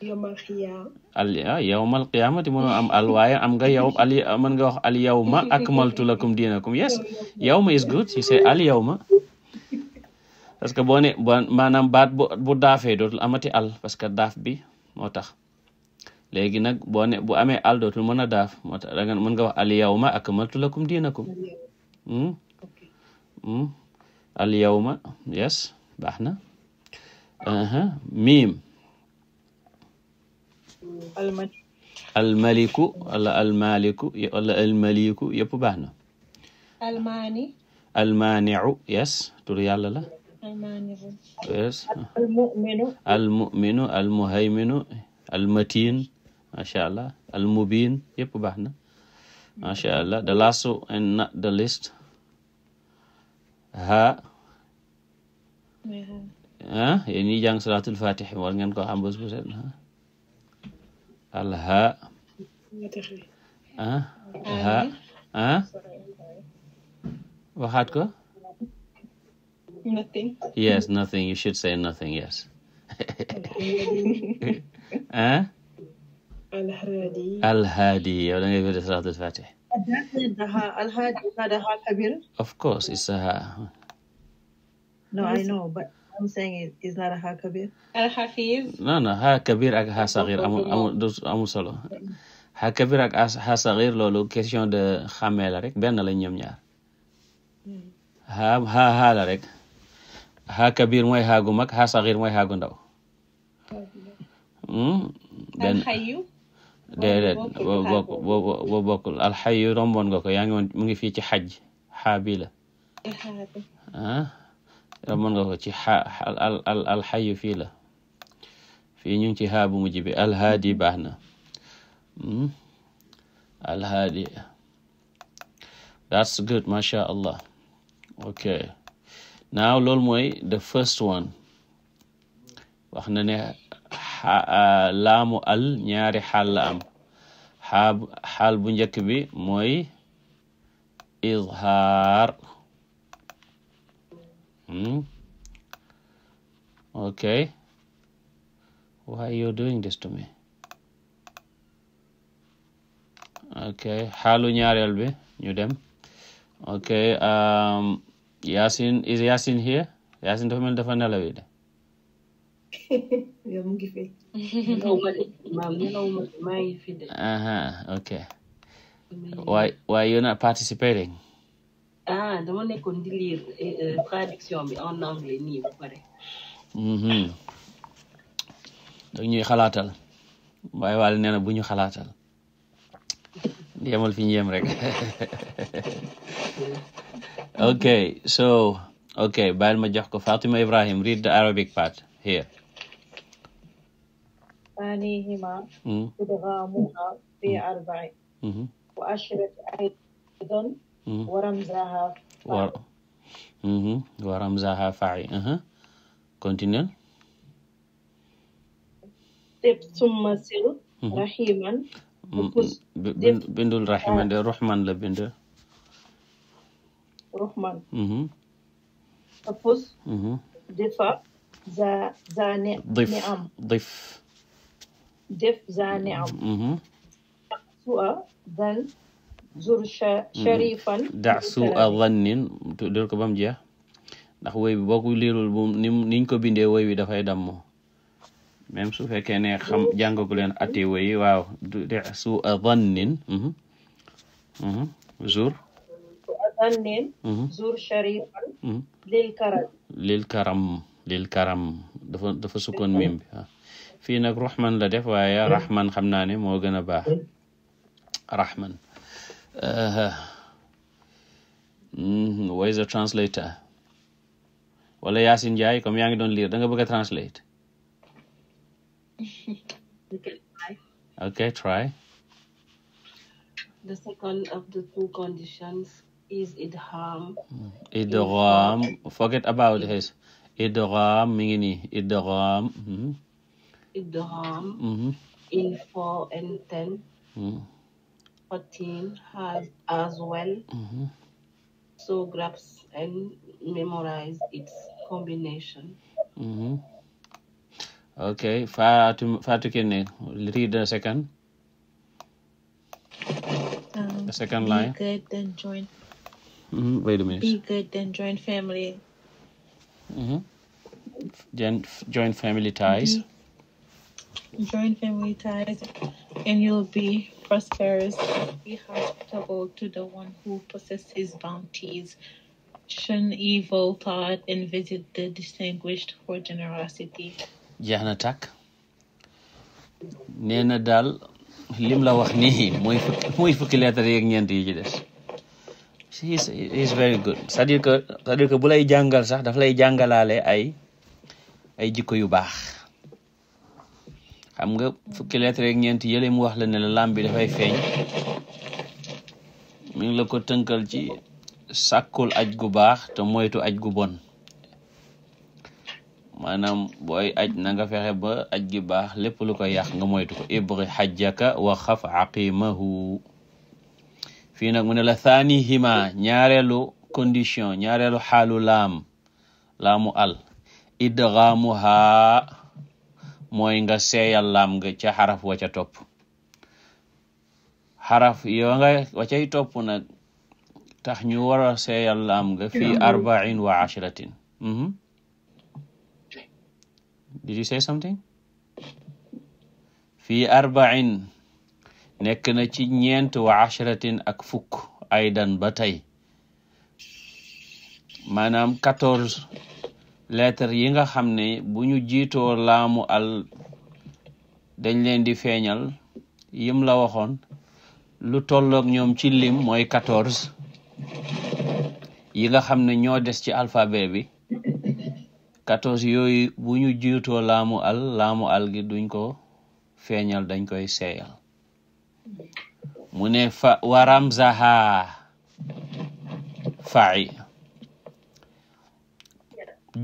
yowmal xiyaam al ah am al waaye am nga yow al mën nga wax al yowma akmaltu lakum diinakum yes yowma is good you say al yowma parce que boo ne maanaam baat bu daafee dootul amati al parce que daaf bi moo tax léegi nag boo ne bu amee al dootul mën a daaf moo tax mën nga wax al yowma akmaltu lakum diinakum al yowma yes baax na uh-huh. miim almaliku wala almaliku wala baax na almaani almaaniu yes tur yàlla la yes almuminu almuhayminu baax na macha allah the last and not the list ha ah yéen ñi jàng salaatul war ngeen ko xam bu set alhaa ah ha ah waxaat ko nothing yes nothing you should say nothing yes ah alhaadi of course it's a ha I'm saying it is not a ha kabir. ak ha saxir loolu question de xàmmee rek benn lañ ñoom ha ha rek ha kabir mooy ha gu mag ha saxir mooy ha gu ndaw. Hmm? benn alxayu. déedéet yaa ngi mu ngi fii ci xaj xaa ah. mën nga ko ci xa al al alxayu fii la fii ñu ngi ci xaa bu mujj bi alhaadi baax na hmm? alhaadi that's good masha allah ok now loolu mooy the first one wax na ne laamu al ñaari xaal la am xaal bu njëkk bi mooy izhaar Hmm? Okay. Why you doing this to me? okay xaalu ñaareel bi ñu dem okay um, Yasin is Yasin here Yasin dafa mel dafa nelaw de mu ngi why you not participating ah dama nekkoon di lire eh, eh, traduction bi en anglais nii bu pare. Mm-hmm. dag ñuy xalaatal waaye waale nee na bu ñu xalaatal yemal fi ñu yem rek ok so ok bàyyil ma jox ko Fatima Ibrahim read the Arabic part here ثانيهما إدغامها في أربع وأشرت أيضا waramzaha wa waramzaha fa'i continue tib summa sil mm-hmm. rahiman mm-hmm. bindul rahiman de ruhman la bind ruhman mm-hmm. tapus difa za za ne am dif dif za ne am su'a zal zur mm-hmm. sharifan da suu a zannin del ko bam jeex ndax woy bi boo ko ni niñ ko bindee woy bi dafay dammo même su fekkee ne xam mm-hmm. jàngagu leen ati woy waaw da suu a zannin zur sharifan mm-hmm. lil karam lil karam dafa dafa sukkoon bi waaw fii nag rahman la def waaye rahman xam naa ne moo gën a baax rahman Mhm, where is the translator wala Yacine Ndiaye comme yaa ngi doon lire da nga bëgg translate okay try the second of the two conditions is idgham mm, idgham forget about his idgham mi ngi nii idgham mhm. idgham mhm. in four and ten mm. 14 has well. Mm-hmm. So grasps and memorize its combination. Mm-hmm. Okay, Fatou Fatou um, second. line. Be good mm-hmm, and mm-hmm. join. family. ties. Be, family ties, and you'll be prosperous, and be hospitable to na tàkk nee na daal lim la wax ni mooy fukki mooy fukki leetar ñeent yi ci des. he is very good cest à bu lay jàngal sax dafa lay jàngalaale ay ay jikko yu baax. xam nga fukki lettre ak ñeent yële mu wax la ne la lam bi dafay feeñ mi ngi la ko tënkal ci sàkkul aj gu baax te moytu aj gu bon maanaam booy aj na fexe ba aj gi baax lépp lu ko yàq nga moytu ko ibri xajjaka wa aqimahu fii nag mu ne la thani hima ñaareelu condition ñaareelu xaalu laam laamu al idgaamuhaa mooy nga seyal laam nga ca xaraf wa ca topp xaraf yo nga wa nag tax ñu war a seeyal laam nga fii arbain wa ashratin mhm. did you say something fii arbain nekk na ci ñeent wa ashratin ak fukk aydan ba tey maanaam quatorze leetar yi nga xam ne bu ñu jiitoo laamu al dañ leen di feeñal yim la waxoon lu tollook ñoom ci lim mooy quatorze yi nga xam ne ñoo des ci alfabe bi quatorze yooyu bu ñu jiitoo laamu al laamu al gi duñ ko feeñal dañ koy seeyal mu ne fa waram zaha fa'i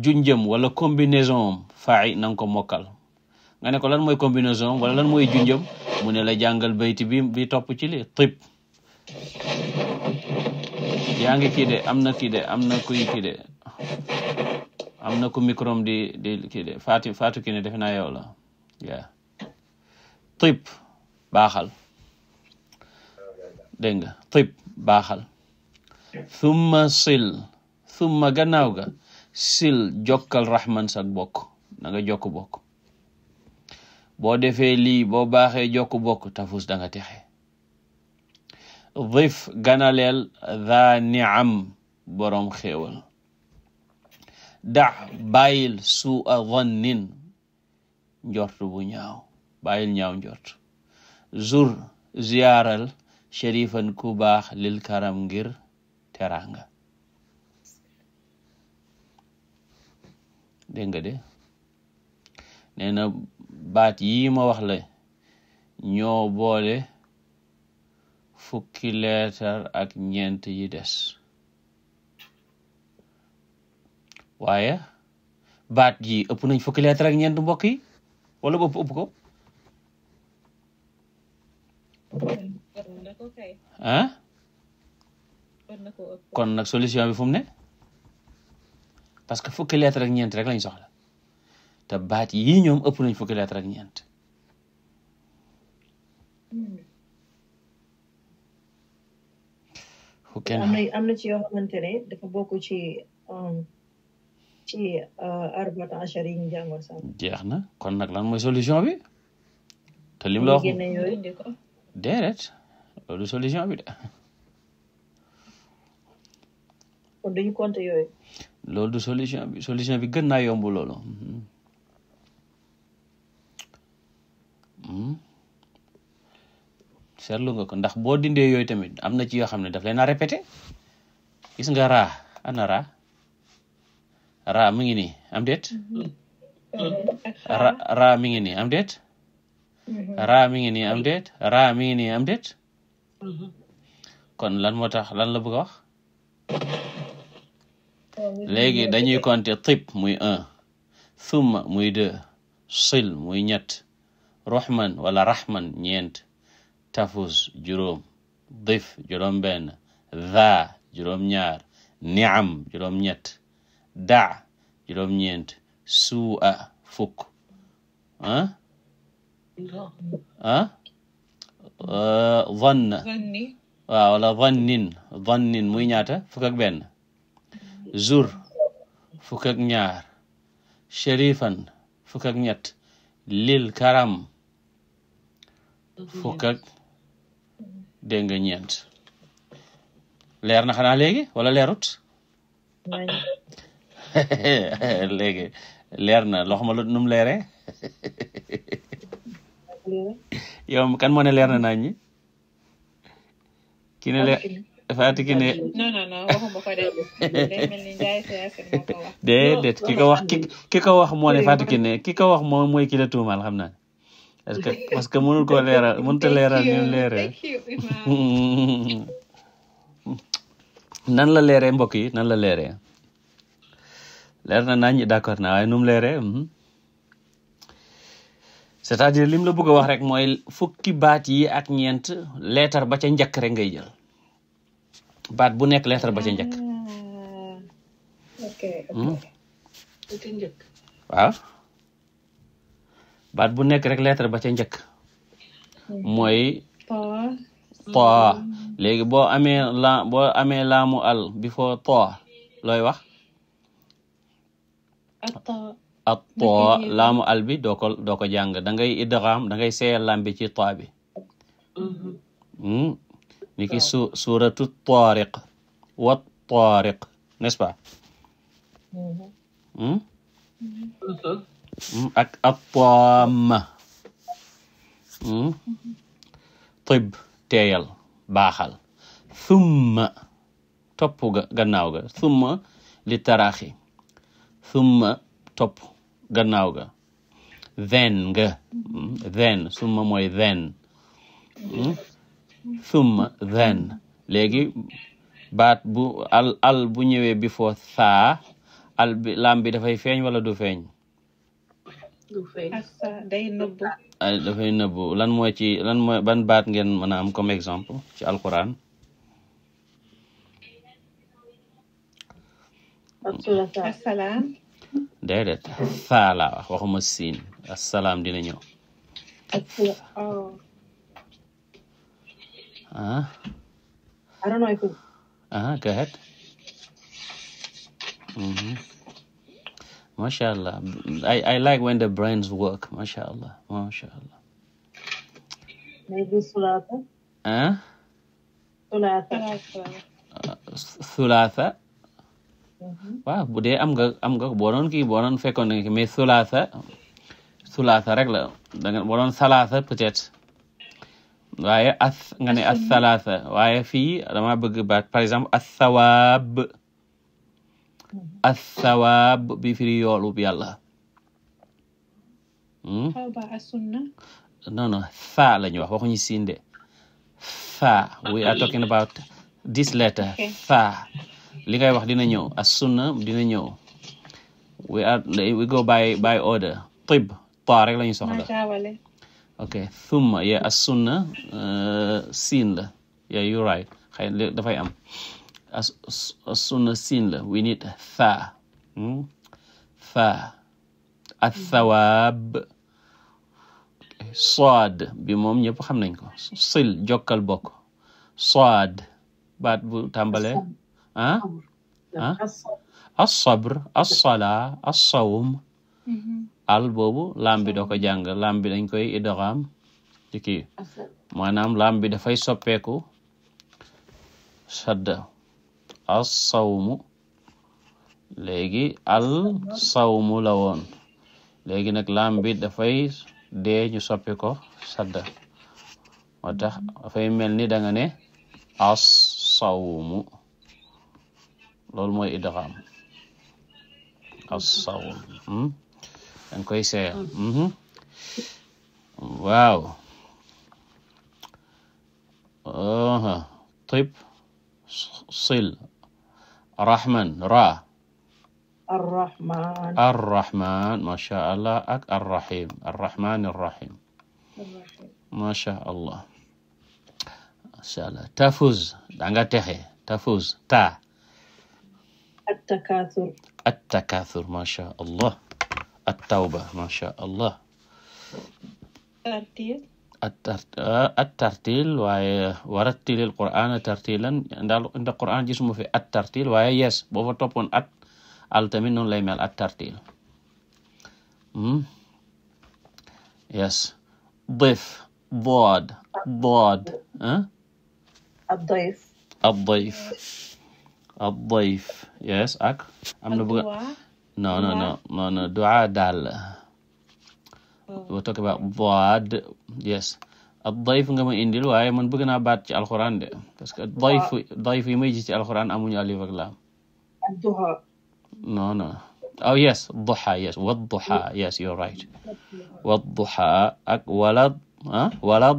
junjëm wala combinaison am fa'i ko mokkal nga ne ko lan mooy combinaison am wala lan mooy junjëm mu ne la jàngal bayti bi bi topp ci li tib yaa ngi kii de am na kii de am na kuy kii na ku microm di di kii de faatu kii ne defe naa yow la yaa tib baaxal dégg nga tib baaxal thumma sil thumma gannaaw ga sil jokkal raxman sak bokk da jokk bokk boo defee lii boo baaxe jokk bokk tafus da nga texe dif ganaleel dha niam boroom xéewal da bàyyil suu a nin njort bu ñaaw bàyyil ñaaw njort zur ziyaaral sharifan ku baax lil karam ngir teranga dégg nga de nee baat yi ma wax la ñoo boole fukki leetar ak ñeent yi des waaye baat yi ëpp nañ fukki leetar ak ñeent mbokk yi wala bopp ëpp ko ah kon nag solution bi fu parce que fukki lettre ak ñeent rek lañ soxla te baat yii ñoom ëpp nañ fukki lettre ak ñeent am na ci yoo bokk ci um, ci uh, arbata jeex na kon nag lan mooy solution bi te lim la wax déedéet loolu solution bi de kon duñu compter yooyu loolu du solution bi solution bi gën naa yombu loolu hmm? Hmm? seetlu nga ko ndax boo dindee yooyu tamit am na ci yoo xam ne daf leen a répété gis nga raa ana raa raa mi ngi nii am déet raa mi ngi nii am déet raa mi ngi nii am déet mi ngi nii am mhm. kon lan moo tax lan la bëgg wax léegi dañuy compter tib muy un thumma muy deux sil muy ñett ruxman wala raxman ñeent tafus juróom dif juróom benn dhaa juróom ñaar niam juróom ñett da juróom ñeent suua fukk ah wala zannin zannin muy ñaata fukk ak zur fukk ak ñaar sharifan fukk ak lil karam fukk ak dégg nga ñeent leer na xanaa léegi wala leerut léegi leer na loo xama num leere yow kan moo ne leer na nañ ñi ki leer dafa tigi ne non non non waxuma ko moo ko wax. déedéet ki ko wax ki ko wax moo ne ki mooy ki la tuumaal xam naa parce que parce que mënul ko leeral mënut a leeral ñu leeral. nan la leere mbokk yi nan la leeree leer na nañ d'accord na waaye nu mu leeree mhm. c'est-à-dire lim la bëgg a wax rek mooy fukki baat yi ak ñeent leetar ba ca njëkk rek ngay jël. baat bu nekk lettre ba ci njëkk. Ah, hmm? baat bu nekk rek lettre ba ci njëkk. Hmm. mooy. to léegi boo amee la boo amee al bi foo to looy wax. ak to laamu al bi dooko ko doo ko jàng da ngay idgham bi ci to bi. Mm-hmm. Hmm? ni ki su suratu taariq wa taariq n'est-ce pas mhm. hmm? Hmm, hmm? baaxal thumma topp ga gannaaw ga thumma li taraxi thumma topp gannaaw ga then nga then then thumma then léegi baat bu al bu ñëwee before saa al bi lam bi dafay feeñ wala du feeñ day ah, dafay nëbbu lan mooy ci ban baat ngeen mën a am comme exemple ci alquran asalaam déedéet saa laa wax waxuma siin asalaam dina ñëw Uh ah. huh. I don't know if ah, mm-hmm. like when the brains work. Mashallah. Mashallah. Maybe Sulatha. Huh? Sulatha. Sulatha. Mm-hmm. dee am nga am nga boo doon kii boo doon fekkoon ne mais Sulatha. Sulatha rek la da nga boo waaye as nga ne athalaatha waaye fii dama bëgg baat par exemple a athawaab mm-hmm. bi firi yoolub yàlla hmm? non non tha la ñu wax waxuñu siin de we are talking about this letter tha li ngay wax dina ñëw as sunna dina ñëw we are we go by order tib ta rek soxla ok thumma ya as sunna uh, siin la yeah you right xëy dafay am as sunna siin la we need tha hmm? tha athawaab soad bi moom ñëpp xam nañ ko sil jokkal bokk soad baat bu tàmbalee ah ah as sabr as sala as sawm mm-hmm. al boobu laam bi doo ko jàng laam bi dañ koy idgham ci kii maanaam laam bi dafay soppeeku shadda as léegi al sawmu la woon léegi nag laam bi dafay dee ñu soppi ko shadda mel ni da ne as sawmu mooy idgham as danga koy share mm. mm-hmm. waaw uh-huh. tib sil rahman ra arrahman arrahman macha allah ak arrahim arrahman arrahim macha allah macha allah tafuz danga texe tafuz ta attakathur attakathur macha allah at-tawba macha allah. tartiil. at-tartiil eh, waaye warattilil qur'aana tartiilan fi at-tartiil waaye yes boo fa toppoon at al tamit noonu lay mel at-tartiil. Hmm? yes. dif dood non non non no no du'a daal boo tokki ba daad yes ad dayf nga ma indil waaye man bëgg naa baat ci alquran de parce que dayf dayf yi may gis ci alquran amuñu alif ak laam non non oh yes duha yes wa duha yes you're right wa duha ak wala ah wala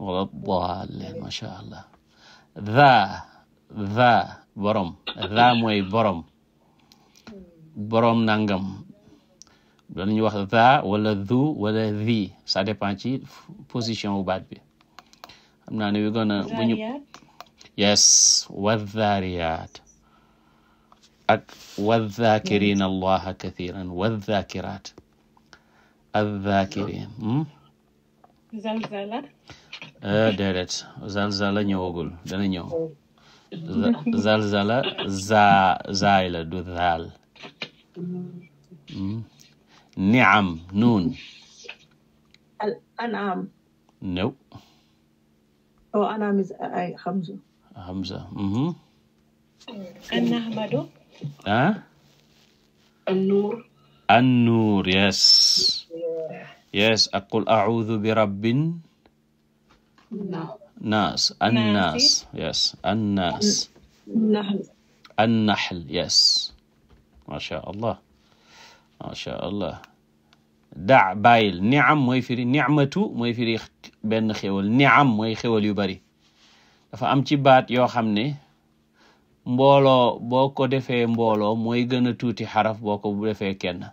wala daalin ma sha allah dha dha borom dha mooy borom boroom nangam danañu wax za wala zu wala zi ça dépend ci position bu baat bi xam na ne wi gën a bu ñu yes wazariyaat ak wazakirina allaha kathiran wazakiraat azzakirin hmm? zalzala eh, déedéet zalzala ñëwagul dana ñëw oh. zalzala za zaay la du zaal Hmm. Ni'am, noon. Al-an'am. No. Oh, an'am is I, uh, Hamza. Hamza. Mhm. An-nahmadu. Huh? An-nur. An-nur, yes. Yeah. Yes, aqul a'udhu bi rabbin. No. Nas, an-nas. Yes, an-nas. An-nahl. An-nahl, yes. macha allah macha allah da bàyyil niam mooy firi nicmatu mooy firi benn xéwal niam mooy xéwal yu bari dafa am ci baat yoo xam ne mbooloo boo ko defee mbooloo mooy gën a tuuti xaraf boo ko defee kenn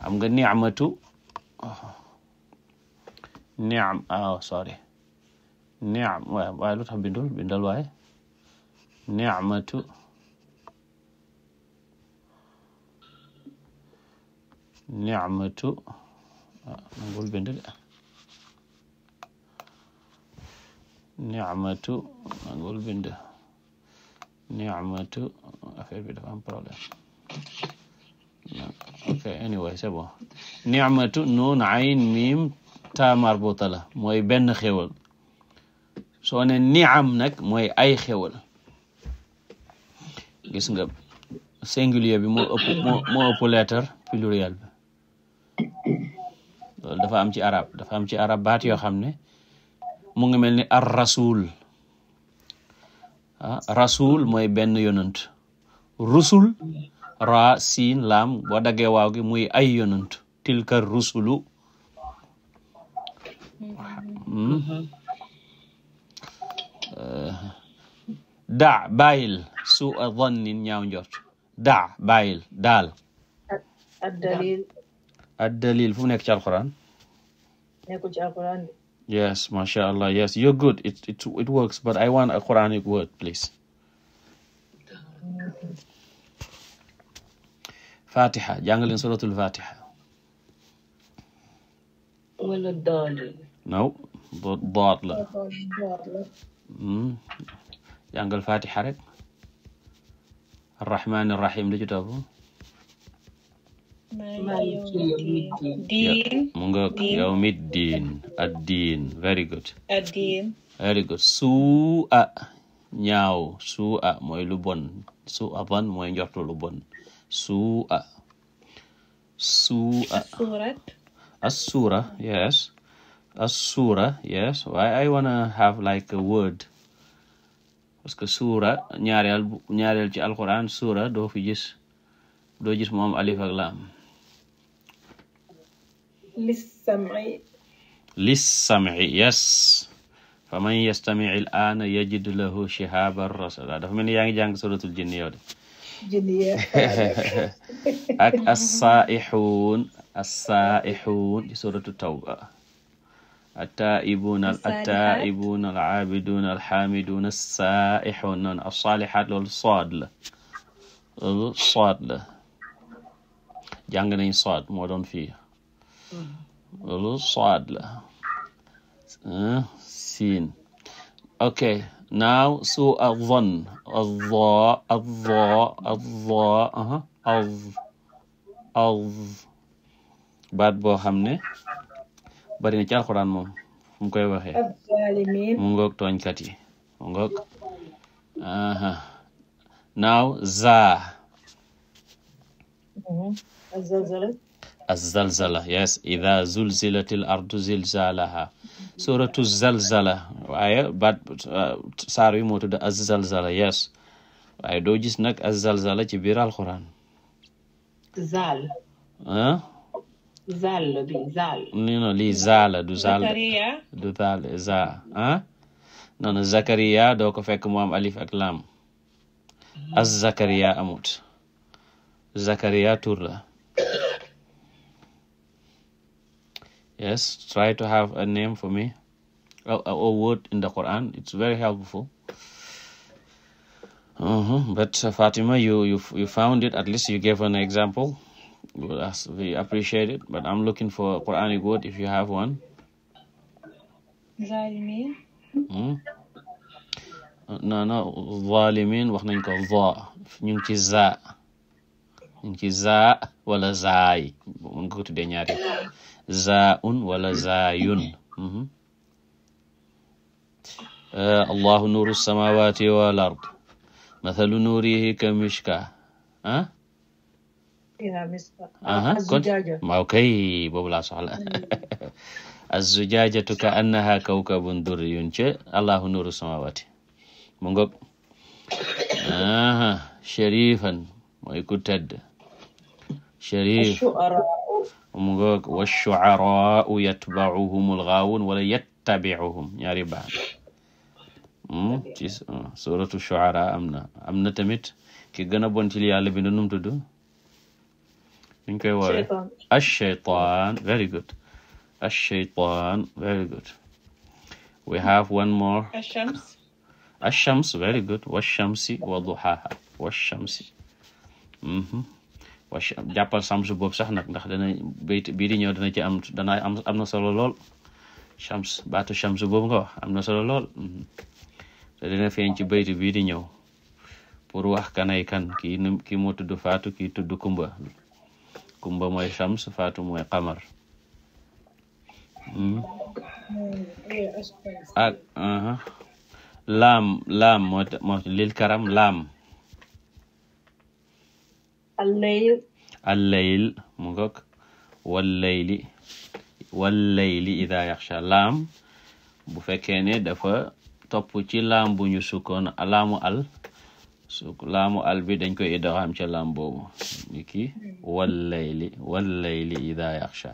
am nga nicmatu niam ah sorry niam waaye waaye bindul bindal waaye nicmatu nicmatu ah, ah. nangul bind de nicmatu nangul bind nicmatu affaire bi dafa am problème ah, ok anyway c'est bon nicmatu nuun ayn miim ta marbuta la mooy benn xéwal soo ne niam nag mooy ay xéwal gis nga singulier bi moo ëpp pluriel dafa am ci arab dafa am ci arab baat yoo xam ne mu ngi mel ni ar ah, rasul mooy benn yonant rusul ra siin laam boo daggee waaw gi muy ay yonant tilka rusulu hmm? da bàyyil su a zannin ñaaw njot da bàyyil daal ad dalil ad fu nekk ci alquran kuja Quran. Yes, mashallah. Yes, you're good. It it it works, but I want a Quranic word, please. Fatiha, jàng leen suratul Fatiha. wala doole. no doot la. Hmm. jàngal Fatiha rek. Ar-Rahmaan Ar-Rahiim li ci topp. diin mu nga ñaaw suu mooy lu bon suu bon mooy njortu lu bon suu a suura yes as-suura yes why I wanna have like a word que suura ñaareel ñaareel ci alquran suura doo fi gis doo gis moom alif للسمع للسمع yes faman yastami il aana yajid lahu shihaban rasada dafa mel ni yaa ngi jàng suratul jinni yow de jinni ak assaaixuun assaaixuun ci suratu tawba attaa'ibuun attaa'ibuun al'aabiduun alxaamiduun assaaixuun noonu assaalihaat loolu sood la loolu sood la jàng nañ sood moo doon fii loolu saad la siin ok naaw su azon azo azo azo az az baat boo xam ne bari na ci fu mu koy waxee mu ngoog tooñkat yi mu ngoog naaw za mhm. azalzala yes ida zulzilatil ardu zalzala waaye baat uh, saar wi moo tudd azalzala yes waaye doo gis nag azalzala ci biir alxuraan zal ah zal du zal du zal za zakariya doo ko fekk mu am alif ak lam mhm. az zakariya amut zakariya tur la yes try to have a name for me or, word in the Quran it's very helpful mm-hmm. but uh, Fatima you, found it at least you gave an example we appreciate it but I'm looking for Quranic word if you have one zalimin hmm? no no zalimin wax nañ ko za ñu ci wala zaay mën nga ko tuddee ñaari zaun wala zaayun mhm. eh, allahu nuuru samawati wal ard mathalu nuurihi ka mishka ah aha kon waaw kay boobu hmm. laa soxla azzujaajatu ka annaha kawkabun durriyun ca allahu nuuru samawati mu ngoog aha sharifan mooy ku tedd sharif mu ngoog wa shucaraau yatbacuhum algaawun wala yattabicuhum ñaari baax hmm? ci suratu ah, shucara am na am na tamit ki gën a bon ci li yàlla bind num tudd ñu koy woowee ashaytaan very good ashaytaan very good we have one more ashams ashams very good washamsi wa duhaha washamsi mm-hmm. wa jàppal Shams boobu sax nag ndax dana bayt bii di ñëw dana ci am dana am am na solo lool Shams baatu Shams boobu nga wax am na solo lool te mm-hmm. dina feeñ ci bayt bii di ñëw pour wax kanay kan ki nu kii moo tudd Faatu kii tudd Kumba Kumba mooy Shams Faatu mooy Qamar mm-hmm. ak uh-huh. laam laam moo moo lil karam laam alleyl alleyl mu ngoog walleyli walleyli ida yaxsha laam bu fekkee ne dafa topp ci laam bu ñu sukkoon laamu al su laamu al bi dañ koy idgham ci laam boobu ni ki walleyli walleyli yaxsha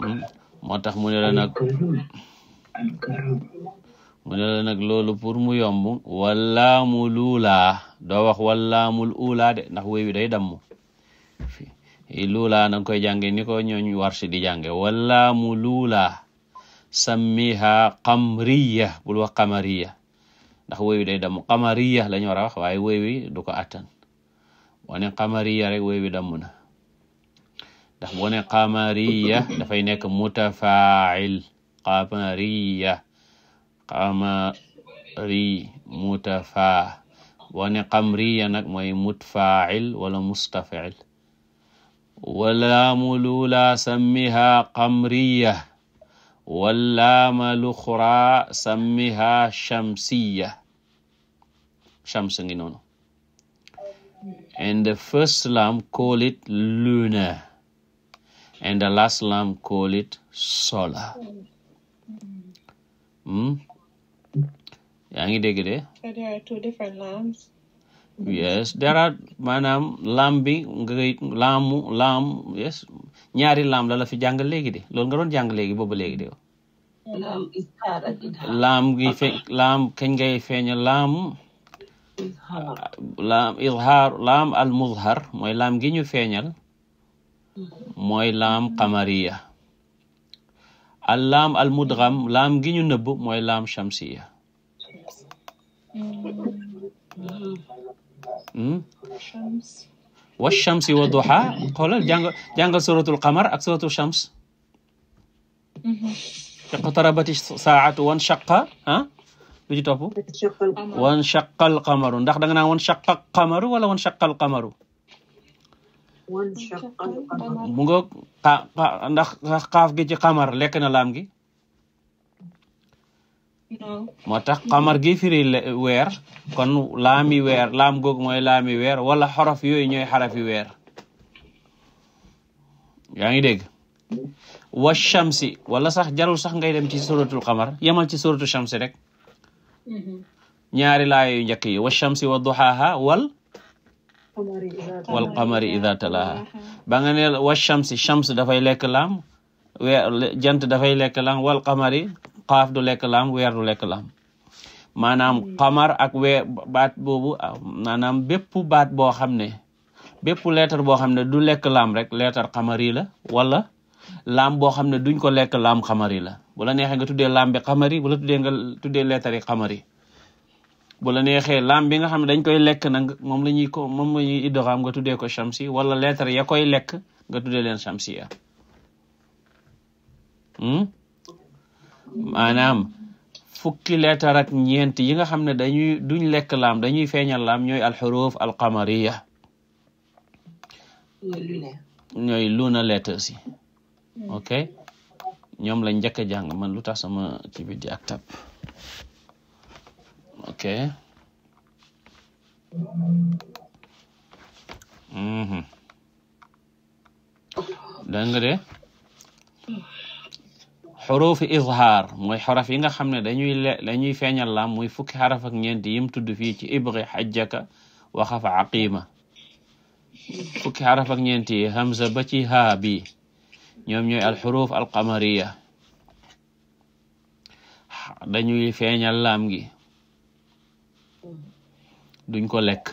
hmm, moo tax mu ne la nag mu ne la nag loolu pour mu yomb wallaamu luulaa doo wax wallaamul uulaa de ndax wéy wi day damm luulaa na nga koy jànge ni ko ñooñ warsi di jànge wallaamu luulaa sammiha qamriya bul wax qamariya ndax wéy wi day damm qamariya la ñu war a wax waaye wéy wi du ko attan boo ne qamariya rek wéy wi damm na ndax boo ne qamariya dafay nekk mutafail qamari mutafa boo ne qamriya nag mooy mutfail wala mustafil walaamu luula sammiha qamriya walaama luxra sammiha shamsiya shams and the first lam call it lunar and the last lam call it solar hmm? yaa ngi dégg de. maanaam laam bi nga laamu laam ñaari laam la fi jàng léegi de loolu nga doon jàng léegi booba léegi de. laam gi ngay feeña laam. laam izhaar laam al muzhar mooy laam gi ñu feeñal. mooy laam qamariya. al laam al mudgham laam gi ñu nëbb mooy laam shamsiya. wa shamsi wa duha xoolal jàngal jàngal suratul qamar ak suratul shams mm-hmm. iqtarabati saatu wan shaqa ah lu ci topp wan shaqal qamaru ndax da nga naan wan shaqa qamaru wala wan shaqal qamaru mu nga ndax xaaf gi ci qamar lekk na laam gi moo tax xamar gi firi weer kon laami weer laam googu mooy laami weer wala xorof yooyu ñooy xarafi weer yaa ngi dégg wa shamsi wala sax jarul sax ngay dem ci suratul xamar yemal ci suratu shamsi rek mm-hmm. ñaari laay yu njëkk yi wa shamsi wa duxaaha wal wal qamari ida talaaha ba nga ne wa shamsi shams dafay lekk laam jant dafay lekk laam wal qamari xaaf du lekk laam weer du lekk laam maanaam hmm. xamar ak weer baat boobu ah, maanaam bépp baat boo xam ne bépp leetar boo xam ne du lekk laam rek leetar xamari la wala laam boo xam ne duñ ko lekk laam xamari la bu la neexee nga tuddee laam bi xamari bu la tuddee nga tuddee leetar yi xamari bu neexee laam bi nga xam ne dañ koy lekk nag moom la ñuy ko moom la nga tuddee ko shamsi wala leetar ya koy lekk nga tuddee leen shamsiya hmm? maanaam fukki leetar ak yi nga xam ne dañuy duñ lekk laam dañuy feeñal laam ñooy alxuruf alqamariya ñooy luna letters yi hmm. ok ñoom lañ njëkk a jàng man lu tax sama ci ak tab ok mm danga de xuruufi izhaar yi nga xam ne dañuy feeñal laam muy fukki xaraf ak ñeent yim tudd fii ci ibri xajjaka waxaf aqiima fukki xaraf ak yi hamza ba ci haa bi ñoom ñooy alxuruuf alqamariya dañuy feeñal laam gi duñ ko lekk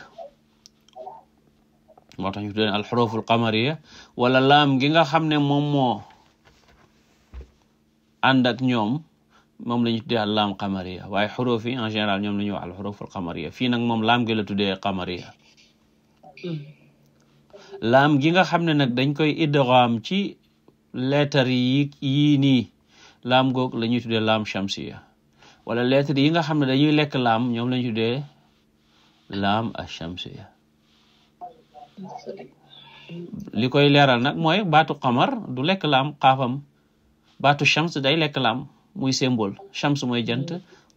moo ñu tuddee alxuruuf alqamariya wala laam gi nga xam ne moom moo ànd ak ñoom moom la ñu tuddee al laam qamariya waaye xuruf en général ñoom la wax al xuruful qamariya fii nag moom laam gi la tuddee qamariya laam gi nga xam ne nag dañ koy idgham ci lettre yi yii nii laam goog la tuddee laam shamsiya wala lettre yi nga xam ne dañuy lekk laam ñoom la tuddee laam ash-shamsiya li koy leeral nag mooy baatu qamar du lekk laam xaafam baatu shams day lekk laam muy symbole shams mooy jant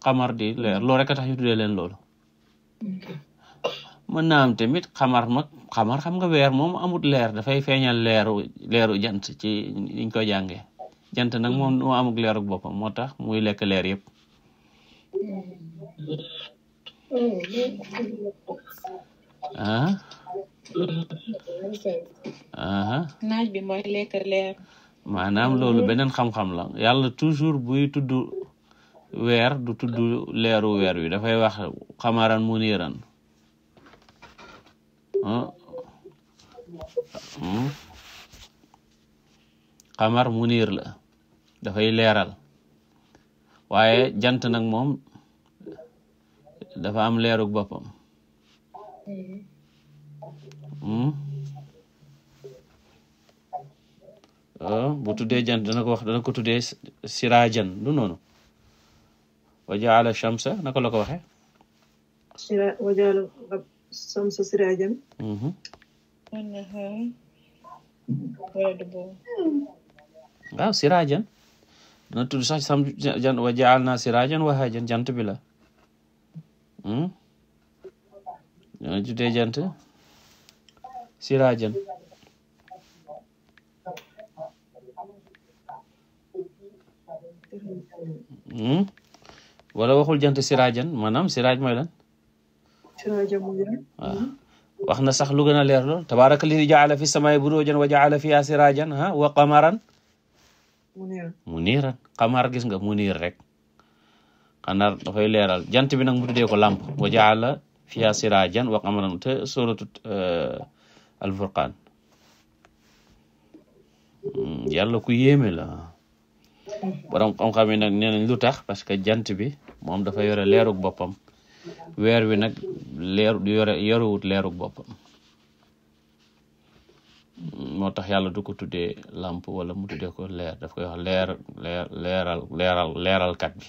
xamar di leer loolu rek tax ñu tuddee leen loolu mën naa tamit xamar mag xamar xam nga weer moom amut leer dafay feeñal leeru leeru jant ci niñ ko jàngee jant nag moom moo amuk leeruk boppam moo tax muy lekk leer yépp maanaam loolu beneen xam-xam la yàlla toujours buy tudd weer du tudd leeru weer wi dafay wax xamaran muniran ah. hmm. xamar munir la dafay leeral waaye jant nag moom dafa am leerug boppam hmm. Hmm. Ah, bu tuddee jant dana ko wax dana ko tuddee siraajan du noonu wa jaala shamsa naka la ko waxee wa jaala shamsa siraajan mhm. ah, siraajan tudd sax sam jan wa jaal naa siraajan wahaajan jant bi la hmm? dana tuddee jant siraajan Hmm? wala waxul jant siraajan maanaam siraaj mooy lan. siraajan mooy lan. Ah. waaw na sax lu gën a leer lool tabaaraka ladi jaala fi samay buruujan wa jaala fiha siraajan wa qamaran. muniiran qamar gis nga muniir rek. xanaa leeral jant bi nag mu tuddee ko làmp wa jaala fiha siraajan wa qamaran te suratu eh, al furqaan hmm, ku yéeme borom xam-xam yi nag nee lu tax parce que jant bi moom dafa yore leerug boppam weer wi nag leeru yore yorewut leerug boppam moo tax yàlla du ko tuddee làmp wala mu tuddee ko leer daf koy leer leeral leeral leeralkat bi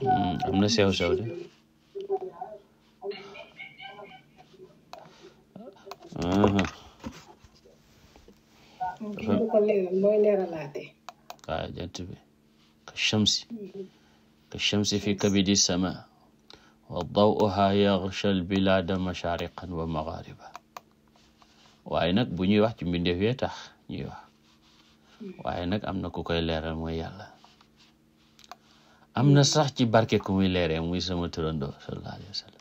hmm, am na sew-sew de ah, ah. moom ko jant bi ka shamsi mm-hmm. ka shamsi fi kabidi sama wa dawuha yaxsha albilaada mashariqan wa maghariba waaye nag bu ñuy wax ci mbindeef yee tax ñuy wax mm-hmm. waaye nag am na ku koy leeral mooy yàlla am na mm-hmm. sax ci barke ku muy leeree muy sama turandoo sallallahu alayhi wa sallam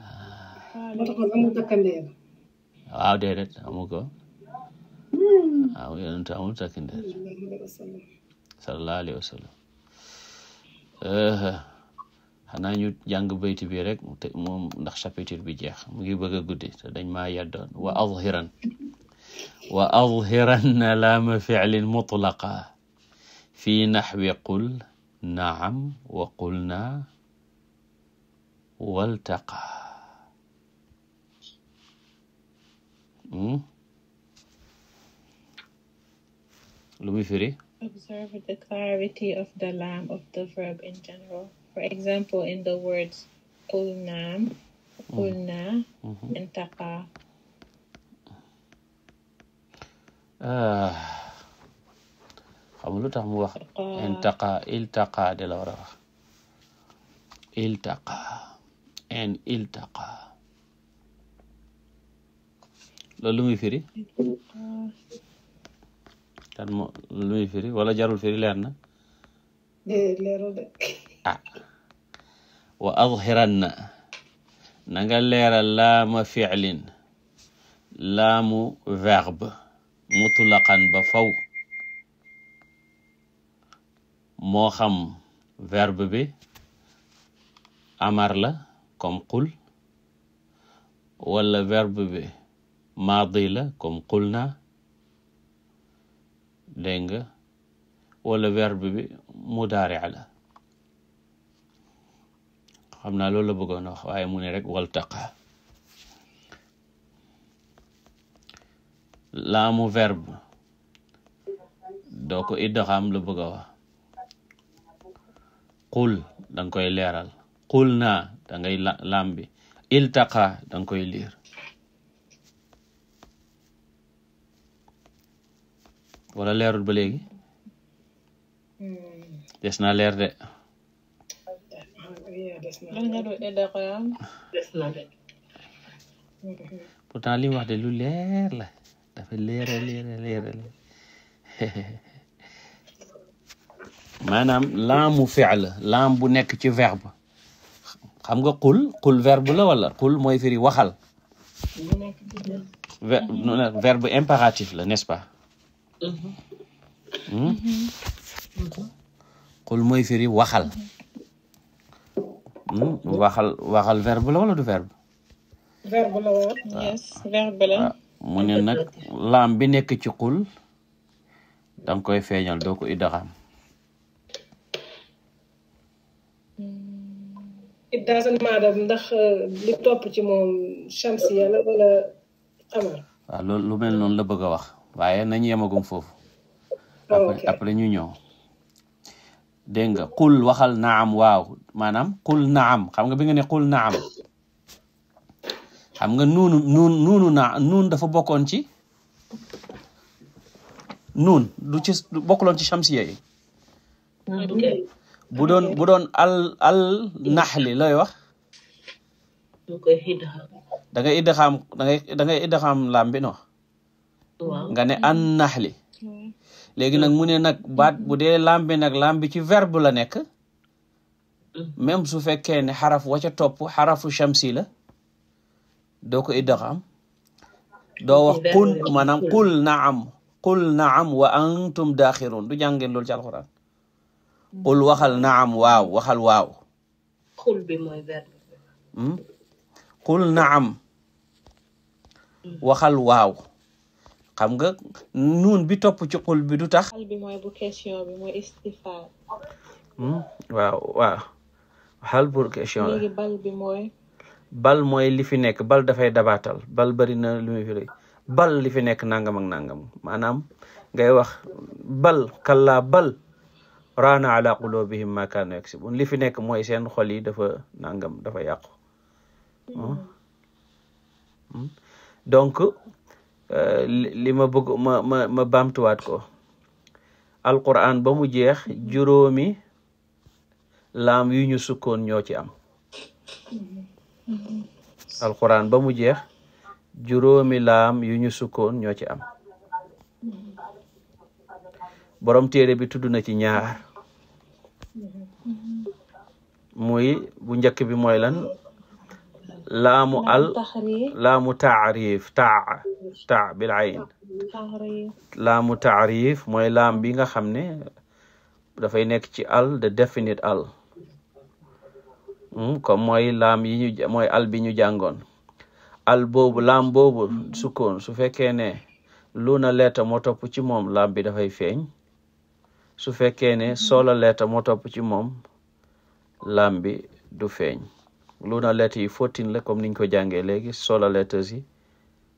ah. waaw déedéet amu ko waaw ah, yonent amul takki ndeer sallallahu alayhi wa sallam xanaa ñu jàng bayti bi rek te moom ndax chapitre bi jeex mu ngi bëgg a guddi te dañ maa yeddoon wa adhiran wa adhiran laama ficlin mutlaqa fi naxwi qul naam wa qulna waltaqa hmm? lu muy firi observe the clarity of the lam of the verb in general for example in the words qulnaam qulna intaqa mm. mm-hmm. ah. xam lu tax mu wax intaqa iltaqa de la war a wax iltaqa en lu muy firi kan firi wala jarul firi leer na ah wa adhiranna na nga leeral laama fi'lin laamu verbe mutlaqan ba faw moo xam verbe bi amar la comme qul wala verbe bi maadi la comme qul naa dégg nga wala verbe bi mudaari la xam na loolu la bëggoon wax waaye mu ne wal waltaqa laamu verbe doo ko idgaam la bëgg a wax qul danga koy leeral qul naa da ngay laam bi iltaqa danga koy liir wala leerul ba léegi des na leer de pourtant li wax de lu leer la dafa leera leera leera la maanaam laamu fi'l laam bu nekk ci verbe xam nga qul qul verbe la wala qul mooy firi waxal verbe impératif la n'est-ce xul mooy firi waxal hmm? waxal waxal verbe la wala du verbe verbe la waaw ah. yes verbe ah, mu ne nag laam bi nekk ci xul danga koy feeñal doo ko idgaam hmm. it euh, li topp ci moom chamsiya la wala ah, lu mel noonu la bëgg a wax waaye nañu yemagum foofu après après ñu ñëw dégg nga kul waxal naam waaw maanaam qul naam xam nga bi nga ne qul naam xam nga nuunu nuun nuunu naa nuun dafa bokkoon ci nuun du ci bokkuloon ci chamsiya yi bu doon bu doon al al naxli looy wax da ngay danga da ngay da ngay idxaam nga ne an naxli hmm. léegi nag mu ne nag baat bu dee lam bi nag lam ci verbe la nekk hmm. même su fekkee ne xaraf wa ca topp xarafu shamsi la doo ko idgaam doo wax qul maanaam qul naam qul naam wa antum daaxirun du jàngeen loolu ci alxuraan hmm. waxal naam waaw waxal waaw qul bi mooy waxal waaw xam nga nuun bi topp ci bi du tax bi mooy bu mooy hmm? waaw waaw xal pour question bal mooy bal li fi nekk bal dafay dabaatal bal bari na bal li fi nekk nangam nangam maanaam ngay wax bal kallaa bal raana ala qulubihim ma kaanu yaksibun li fi nekk mooy seen xol yi dafa nangam dafa yàqu hmm? Hmm. donc li ma bëgg ma ma ko alquran ba mu jeex juróomi laam yu sukkoon ñoo ci am alquran ba mu jeex juróomi laam yu sukkoon ñoo ci am borom téere bi tudd na ci ñaar muy bu njëkk bi mooy lan laamu al laamu taarif taa taa bil ayn laamu taarif mooy laam bi nga xam ne dafay nekk ci al the definite al hmm, comme mooy laam yi mooy al bi ñu jàngoon al boobu laam boobu sukkoon su fekkee ne luuna leeta moo topp ci moom laam bi dafay feeñ su fekkee ne soola leeta moo topp ci moom laam bi du feeñ lunar lettres yi fourteen la comme niñ ko jàngee léegi solar letters yi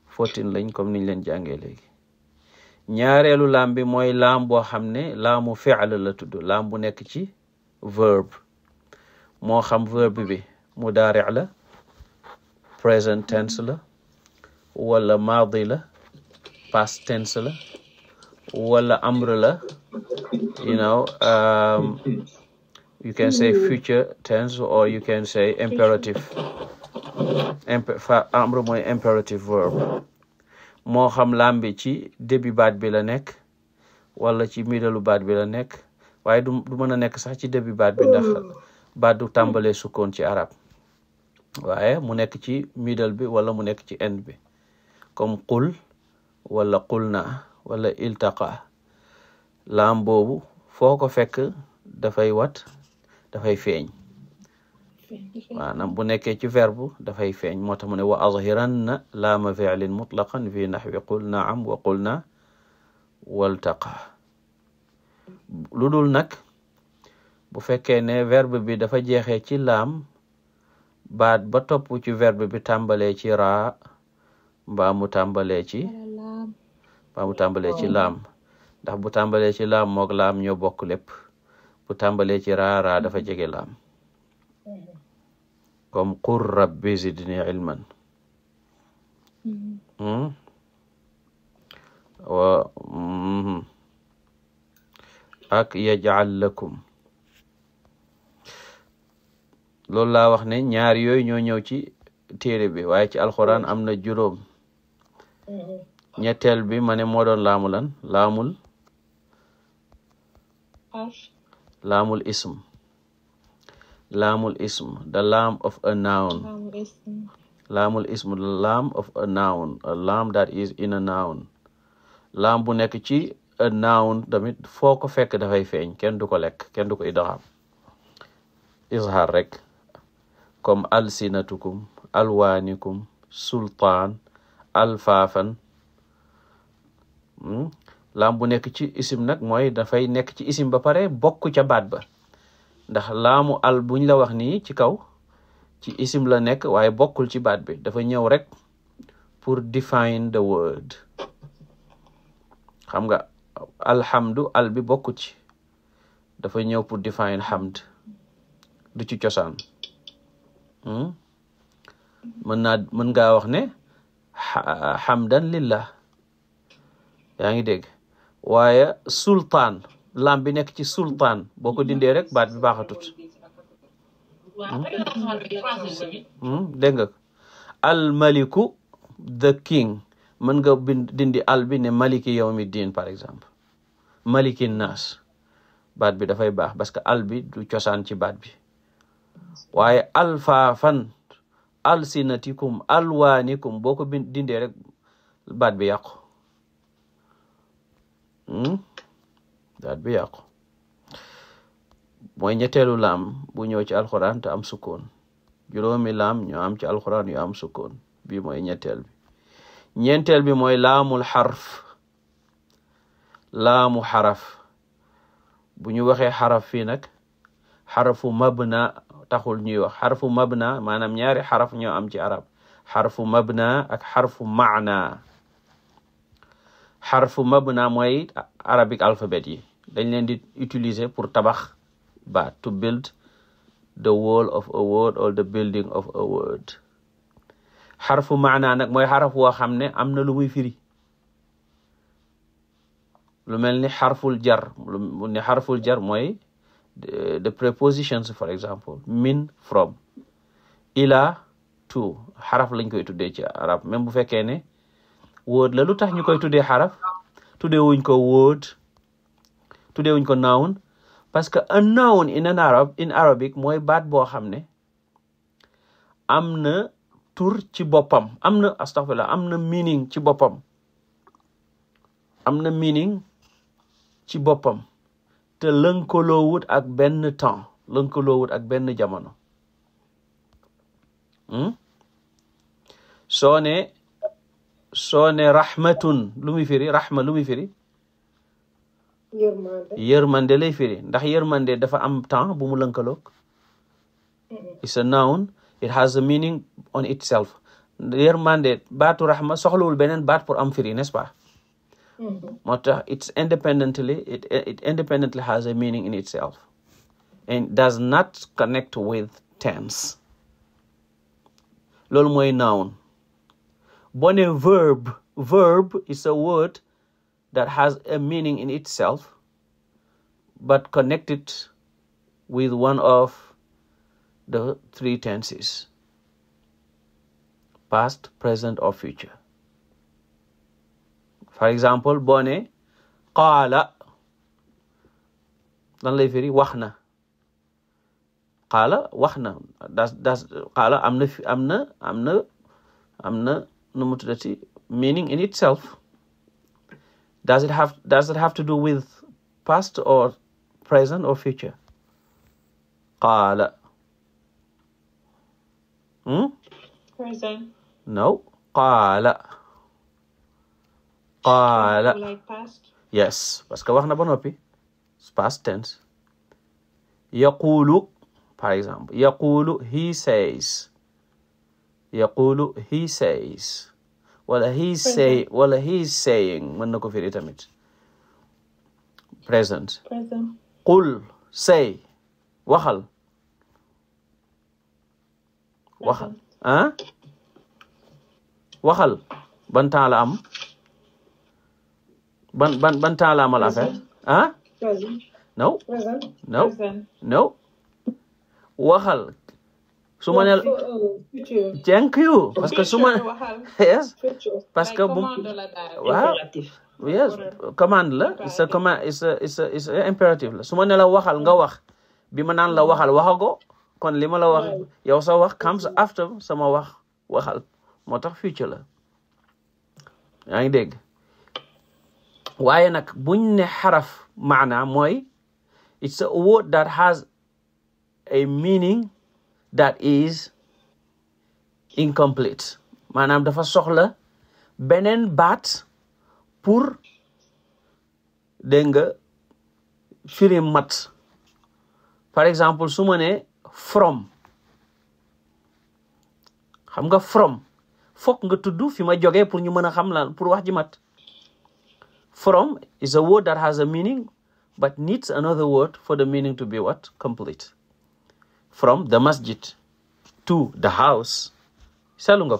fourteen lañ comme niñ leen jàngee léegi ñaareelu laam bi mooy laam boo xam ne laamu fi'l la tudd laam bu nekk ci verbe moo xam verbe bi mudaari' la present tense la wala maadi la past tens la wala amr la you know um, you can say hmm. future tense or you can say imperative fa amr mooy imperative verb moo xam làmbi ci début baat bi la nekk wala ci middle baat bi la nekk waaye du du mën a nekk sax ci début baat bi ndax hmm. baat du tàmbalee sukkoon ci arab waaye mu nekk ci middle bi wala mu nekk ci end bi comme qul walla qulna wala iltaqa laam boobu foo ko fekk dafay wat dafay feeñ waaw bu nekkee ci verbe dafay feeñ moo tax mu ne wa azhiranna laama fi'lin mutlaqan fi nahwi qul naam wa qul na waltaqa lu dul nag bu fekkee ne verbe bi dafa jeexee ci laam baat ba topp ci verbe bi tàmbalee ci raa mbaa mu tàmbalee ci mu tàmbalee ci laam ndax bu tàmbalee ci laam moog laam ñoo bokk lépp bu tàmbalee ci raaraa dafa jege laam comme qur rabbi zidni ilman hmm? wa hmm. ak yaj'al lakum loolu laa wax ne ñaar yooyu ñoo ñëw ci téere bi waaye ci alxuraan am na juróom ñetteel bi ma ne moo doon laamu lan laamul. laamul ism laamul ism the lam of a noun laamul ism the lam of a noun a lam that is in a noun lam bu nekk ci a noun tamit fooko ko fekk dafay feeñ kenn du ko lekk kenn du ko idgham izhar rek comme alsinatukum alwaanikum sultaan alfaafan hmm? laam bu nekk ci isim nag mooy dafay nekk ci isim ba pare bokk ca baat ba ndax laamu al buñ la wax nii ci kaw ci isim la nekk waaye bokkul ci baat bi dafa ñëw rek pour define the word xam nga alhamdu al bi bokku ci dafa ñëw pour define hamd du ci cosaan hmm? mën naa mën ngaa wax ne hamdan lillah yaa ngi dégg waaye sultaan lam bi nekk ci sultaan boo ko dindee rek baat bi baaxatut hmm, dégg nga al maliku the king mën nga bind dindi al bi ne maliki yawmi diin par exemple maliki naas baat bi dafay baax parce que al bi cosaan ci baat bi waaye alfaafan alsinatikum alwaanikum boo ko bind dindee rek baat bi yàqu Hmm? daat bi yàqu mooy ñetteelu laam bu ñëw ci alxuraan te am sukkoon juróomi laam ñu am ci alxuraan yu am sukkoon bi mooy ñetteel bi ñeenteel bi mooy laamul xarf laamu xaraf bu ñu waxee xaraf fii nag xarfu mabna taxul ñuy wax xarfu mabna maanaam ñaari xaraf ñoo am ci arab xarfu mabna ak xarfu maana xarfu mabna mooy arabic alphabet yi dañ leen di utiliser pour tabax baat to build the wall of a word or the building of a word xarfu maana nag mooy xaraf woo xam ne am na lu muy firi lu mel ni xarful jar lu jar mooy the prepositions for example min from ila to xaraf lañ koy tuddee ci arab même bu fekkee ne word la lu tax ñu koy tuddee xaraf tuddee wuñ ko word tuddee wuñ ko noun parce que a noun in an arab arabic mooy baat boo xam ne am na tur ci boppam am na astaghfirullah am na meaning ci boppam am na meaning ci boppam te lënkaloowut ak benn temps lënkaloowut ak benn jamono hmm? soo soo ne rahmatun lu muy firi rahma lu muy firi yërmande lay firi ndax yërmande dafa am temps bu mu lënkaloog it's a noun it has a meaning on itself yërmande baatu rahma soxlawul beneen baat pour am firi n'est-ce mm-hmm. tax it, it independently has a meaning in itself and does not connect with tense loolu mooy noun But a verb, verb is a word that has a meaning in itself, but connected with one of the three tenses past, present, or future. For example, boo ne qaala lan wax na qaala wax na das am na am na am na am na nu mu tuddati meaning in itself does it have does it have to do with past or present or future qaala hmm? no qaala qaala past yes parce que wax na ba noppi past tense yaqulu par exemple yaqulu he says yaqulu he says wala he say wala he saying mën na ko firi tamit present qul say waxal waxal ah waxal ban temps la am ban ban ban temps la amal affaire ah no waxal su ma ne thank you parce que su la sa commande la su ma ne la waxal nga wax bi ma naan la mm-hmm. waxal waxago kon li ma la wax yow sa wax comes mm-hmm. after sama wax waxal moo tax future la yaa ngi dégg waaye nag buñ ne xaraf maana mooy it's a word that has a meaning that is incomplete maanaam dafa soxla beneen baat pour dégg nga firi mat par exemple su ma ne from xam nga from fokk nga tuddu fi ma jógee pour ñu mën a xam lan pour wax ji mat from is a word that has a meaning but needs another word for the meaning to be what complete from the masjid to the house seetlu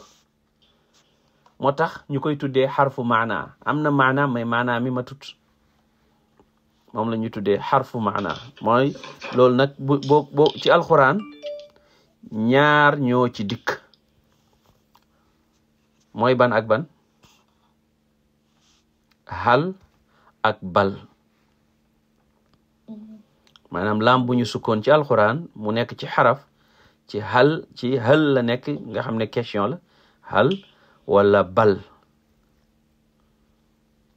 moo tax ñu koy tuddee xarfu maana am na maana may maana mi ma tut moom la ñuy tuddee xarfu maana mooy loolu nag bu ci alxuraan ñaar ñoo ci dikk mooy ban ak ban hal ak bal maanaam laam bu sukkoon ci alxuraan mu nekk ci xaraf ci hal ci hal la nekk nga xam ne question la hal wala bal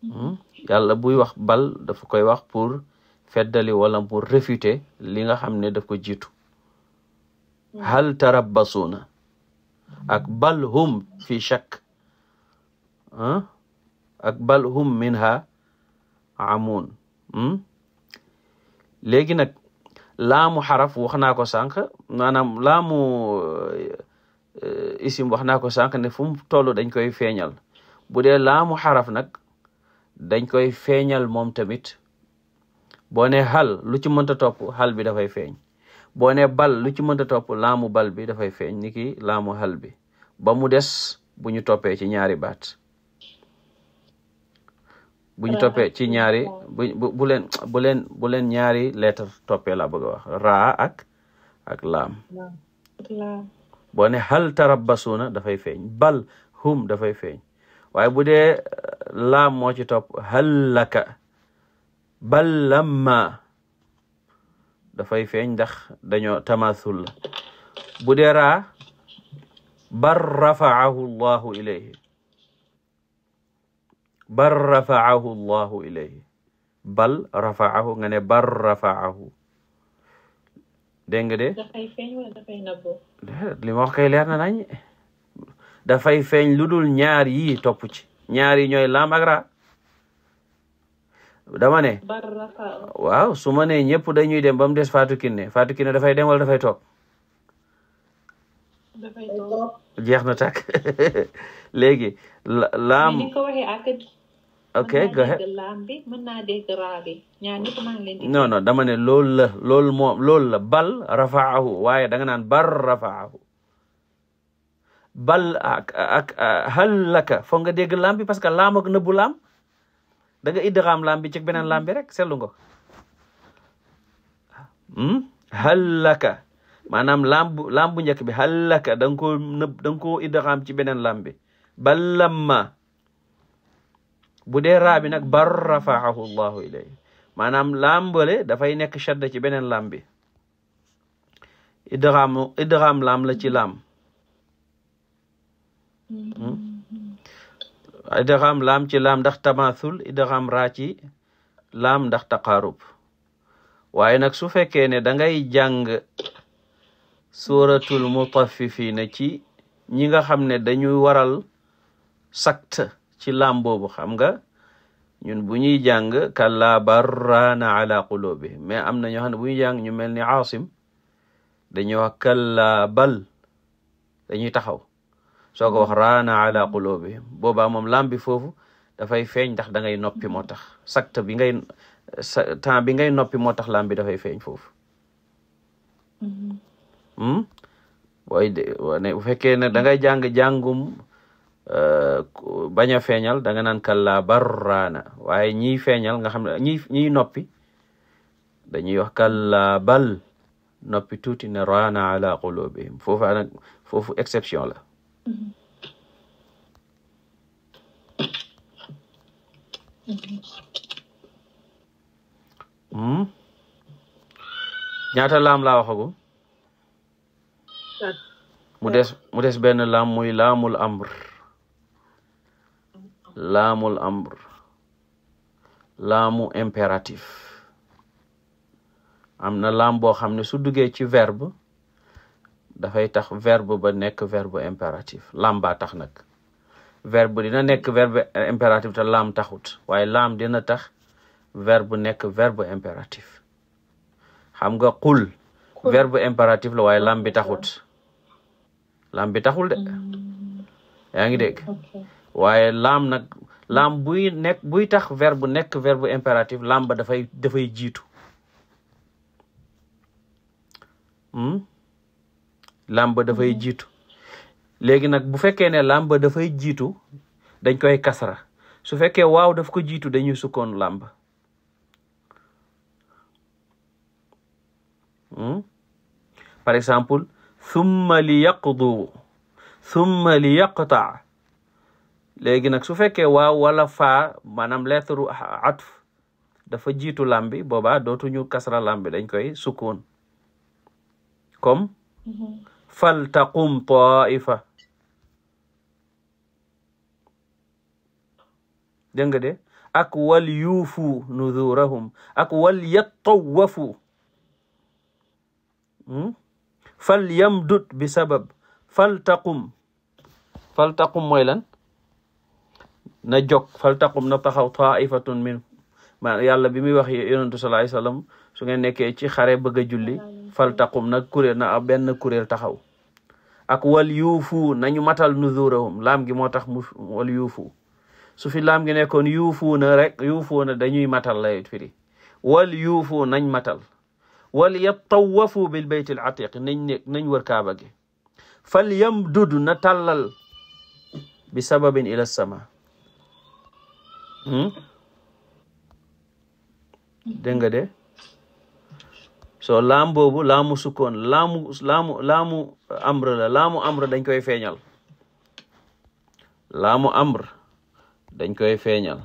hmm? yàlla buy wax bal dafa koy wax pour feddali walla pour réfuter li nga xam ne daf ko jiitu hal na ak bal hum fi shakk hmm? ak bal hum minha amun hmm? léegi nag laamu xaraf wax naa ko sànq maanaam laamu eh, isim wax naa ko sànq ne fum mu toll dañ koy feeñal bu dee laamu xaraf nag dañ koy feeñal moom tamit boo ne xal lu ci mënta topp xal bi dafay feeñ boo ne bal lu ci mënta topp laamu bal bi dafay feeñ niki laamu xal bi ba mu des bu ñu toppee ci ñaari baat bu ñu toppee ci ñaari bu bu leen ñaari lettre toppee laa bëgg a wax raa ak ak laam boo ne hal tarabbasuuna dafay feeñ bal hum dafay feeñ waaye bu dee uh, laam moo ci topp hal laka bal lamma dafay feeñ ndax dañoo tamathul bu dee raa bal rafaahu llahu ilayhi bal rafaahu llahu ilayhi bal rafaahu nga ne bal rafaahu dégg de dafay li ma kay leer na nañ dafay feeñ lu dul ñaar yi topp ci ñaar yi ñooy laam ak dama ne waaw su ma ne ñëpp dañuy dem ba mu des Fatou Kiné dafay dem dafay topp dafay toog jeex na tàkk laam ok go dama ne loolu la loolu moom loolu la bal rafaahu waaye da naan bar rafaahu bal hal laka foog nga dégg laam parce que laam ak nëbbu laam da nga idgaam beneen laam rek seetlu nga hmm? hal laka maanaam laam njëkk bi hal laka da nga koo ci beneen lambi bal lamma bu dee raa bi nag bar rafaahu llahu ilay maanaam laam bële dafay nekk shadda ci beneen laam bi idgham idgham laam la ci laam hmm? idgham laam ci laam ndax tamaathul idgham raa ci laam ndax taqaarub waaye nag su fekkee ne da ngay jàng suratul mutaffifiina ci ñi nga xam ne dañuy waral sakt ci laam boobu xam nga ñun bu ñuy jàng kallaa barraana ala qulubihim mais am na ñoo xam ne bu ñuy jàng ñu mel ni asim Aasim dañuy wax kallaa bal dañuy taxaw soo wax raana ala qulubihim boobaa moom laam bi foofu dafay feeñ ndax dangay noppi moo tax sakta bi ngay bi ngay noppi moo tax laam bi dafay feeñ foofu mm-hmm. hmm? booy de bu fekkee ne da jàng jàngum Euh, bañ a feeñal danga nga naan kallaa barraana waaye ñiy feeñal nga xam ne ñiy ñiy noppi dañuy wax kallaa bal noppi tuuti ne raana ala qulubihim foofu nag exception la hmm? ñaata laam laa waxagum mu des mu des benn laam muy laamul amr laamul amr laamu impératif am na laam boo xam ne su duggee ci verbe dafay tax verbe ba nekk verbe impératif laam baa tax nag verbe dina nekk verbe impératif te laam taxut waaye laam dina tax verbe nekk verbe imperatif xam nga xul verbe impératif la waaye laam bi taxut laam bi taxul de mm. ngi dégg waaye laam nag laam buy nekk buy tax verbe nekk verbe impératif laam ba dafay dafay jiitu hmm? laam dafay hmm. jiitu léegi nag bu fekkee ne laam dafay jiitu dañ koy kasra su fekkee waaw daf ko jiitu dañuy sukkoon laam hmm? par exemple thumma li yaqdu thumma li yaqta léegi nag su fekkee waaw wala faa maanaam lettre atf dafa jiitu lambi bi boobaa dootuñu kasra lambi bi dañ koy sukkoon kom fal taqum taifa dégg nga de ak wal yuufu nuzurahum ak wal yattawafu hmm? fal yamdut bi sabab fal taqum fal na jóg fal taqum na taxaw taifatun min ma bi muy wax yonentu sallallahu alayhi wasallam su ngeen nekkee ci xare bëgg a julli fal taqum na kuréel na benn kuréel taxaw ak wal yuufu nañu matal nuzurahum laam gi moo tax mu wal yuufu su fi laam gi nekkoon yuufu na yuufu dañuy matal lay firi wal yuufu nañ matal wal yattawafu bil baytil atiq nañ ne nañ wër kaaba gi fal yamdud na tàllal bi sababin ila sama Hmm? dégg nga de so laam boobu laamu sukkoon laamu laamu laamu amr la laamu amr dañ koy feeñal laamu amr dañ koy feeñal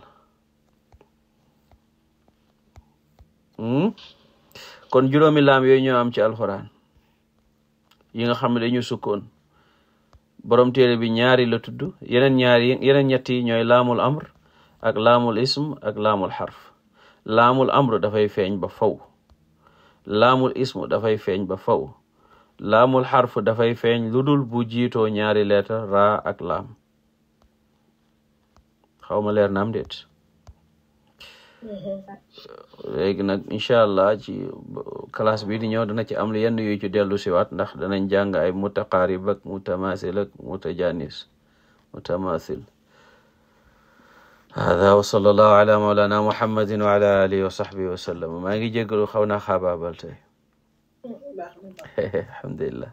hmm? kon juróomi laam yooyu ñoo am ci alxuraan yi nga xam ne dañu sukkoon borom téere bi ñaari la tudd yeneen ñaari yeneen ñett yi ñooy laamul amr ak laamul ism ak laamul xarf laamul amru dafay feeñ ba faw laamul ismu dafay feeñ ba faw laamul xarf dafay feeñ lu dul bu jiitoo ñaari leetar raa ak laam xaw ma leer na am déet nag incha allah ci classe bi di ñëw dana ci am yenn yu ci dellu siwaat ndax danañ jàng ay mutaqaarib ak mutamasil ak mutajanis mutamasil hada wa sallallahu ala maulana muhammadin wa ala alihi wa sahbihi wa sallam maa ngi jégalu xaw naa xaabaabal tey alhamdulillah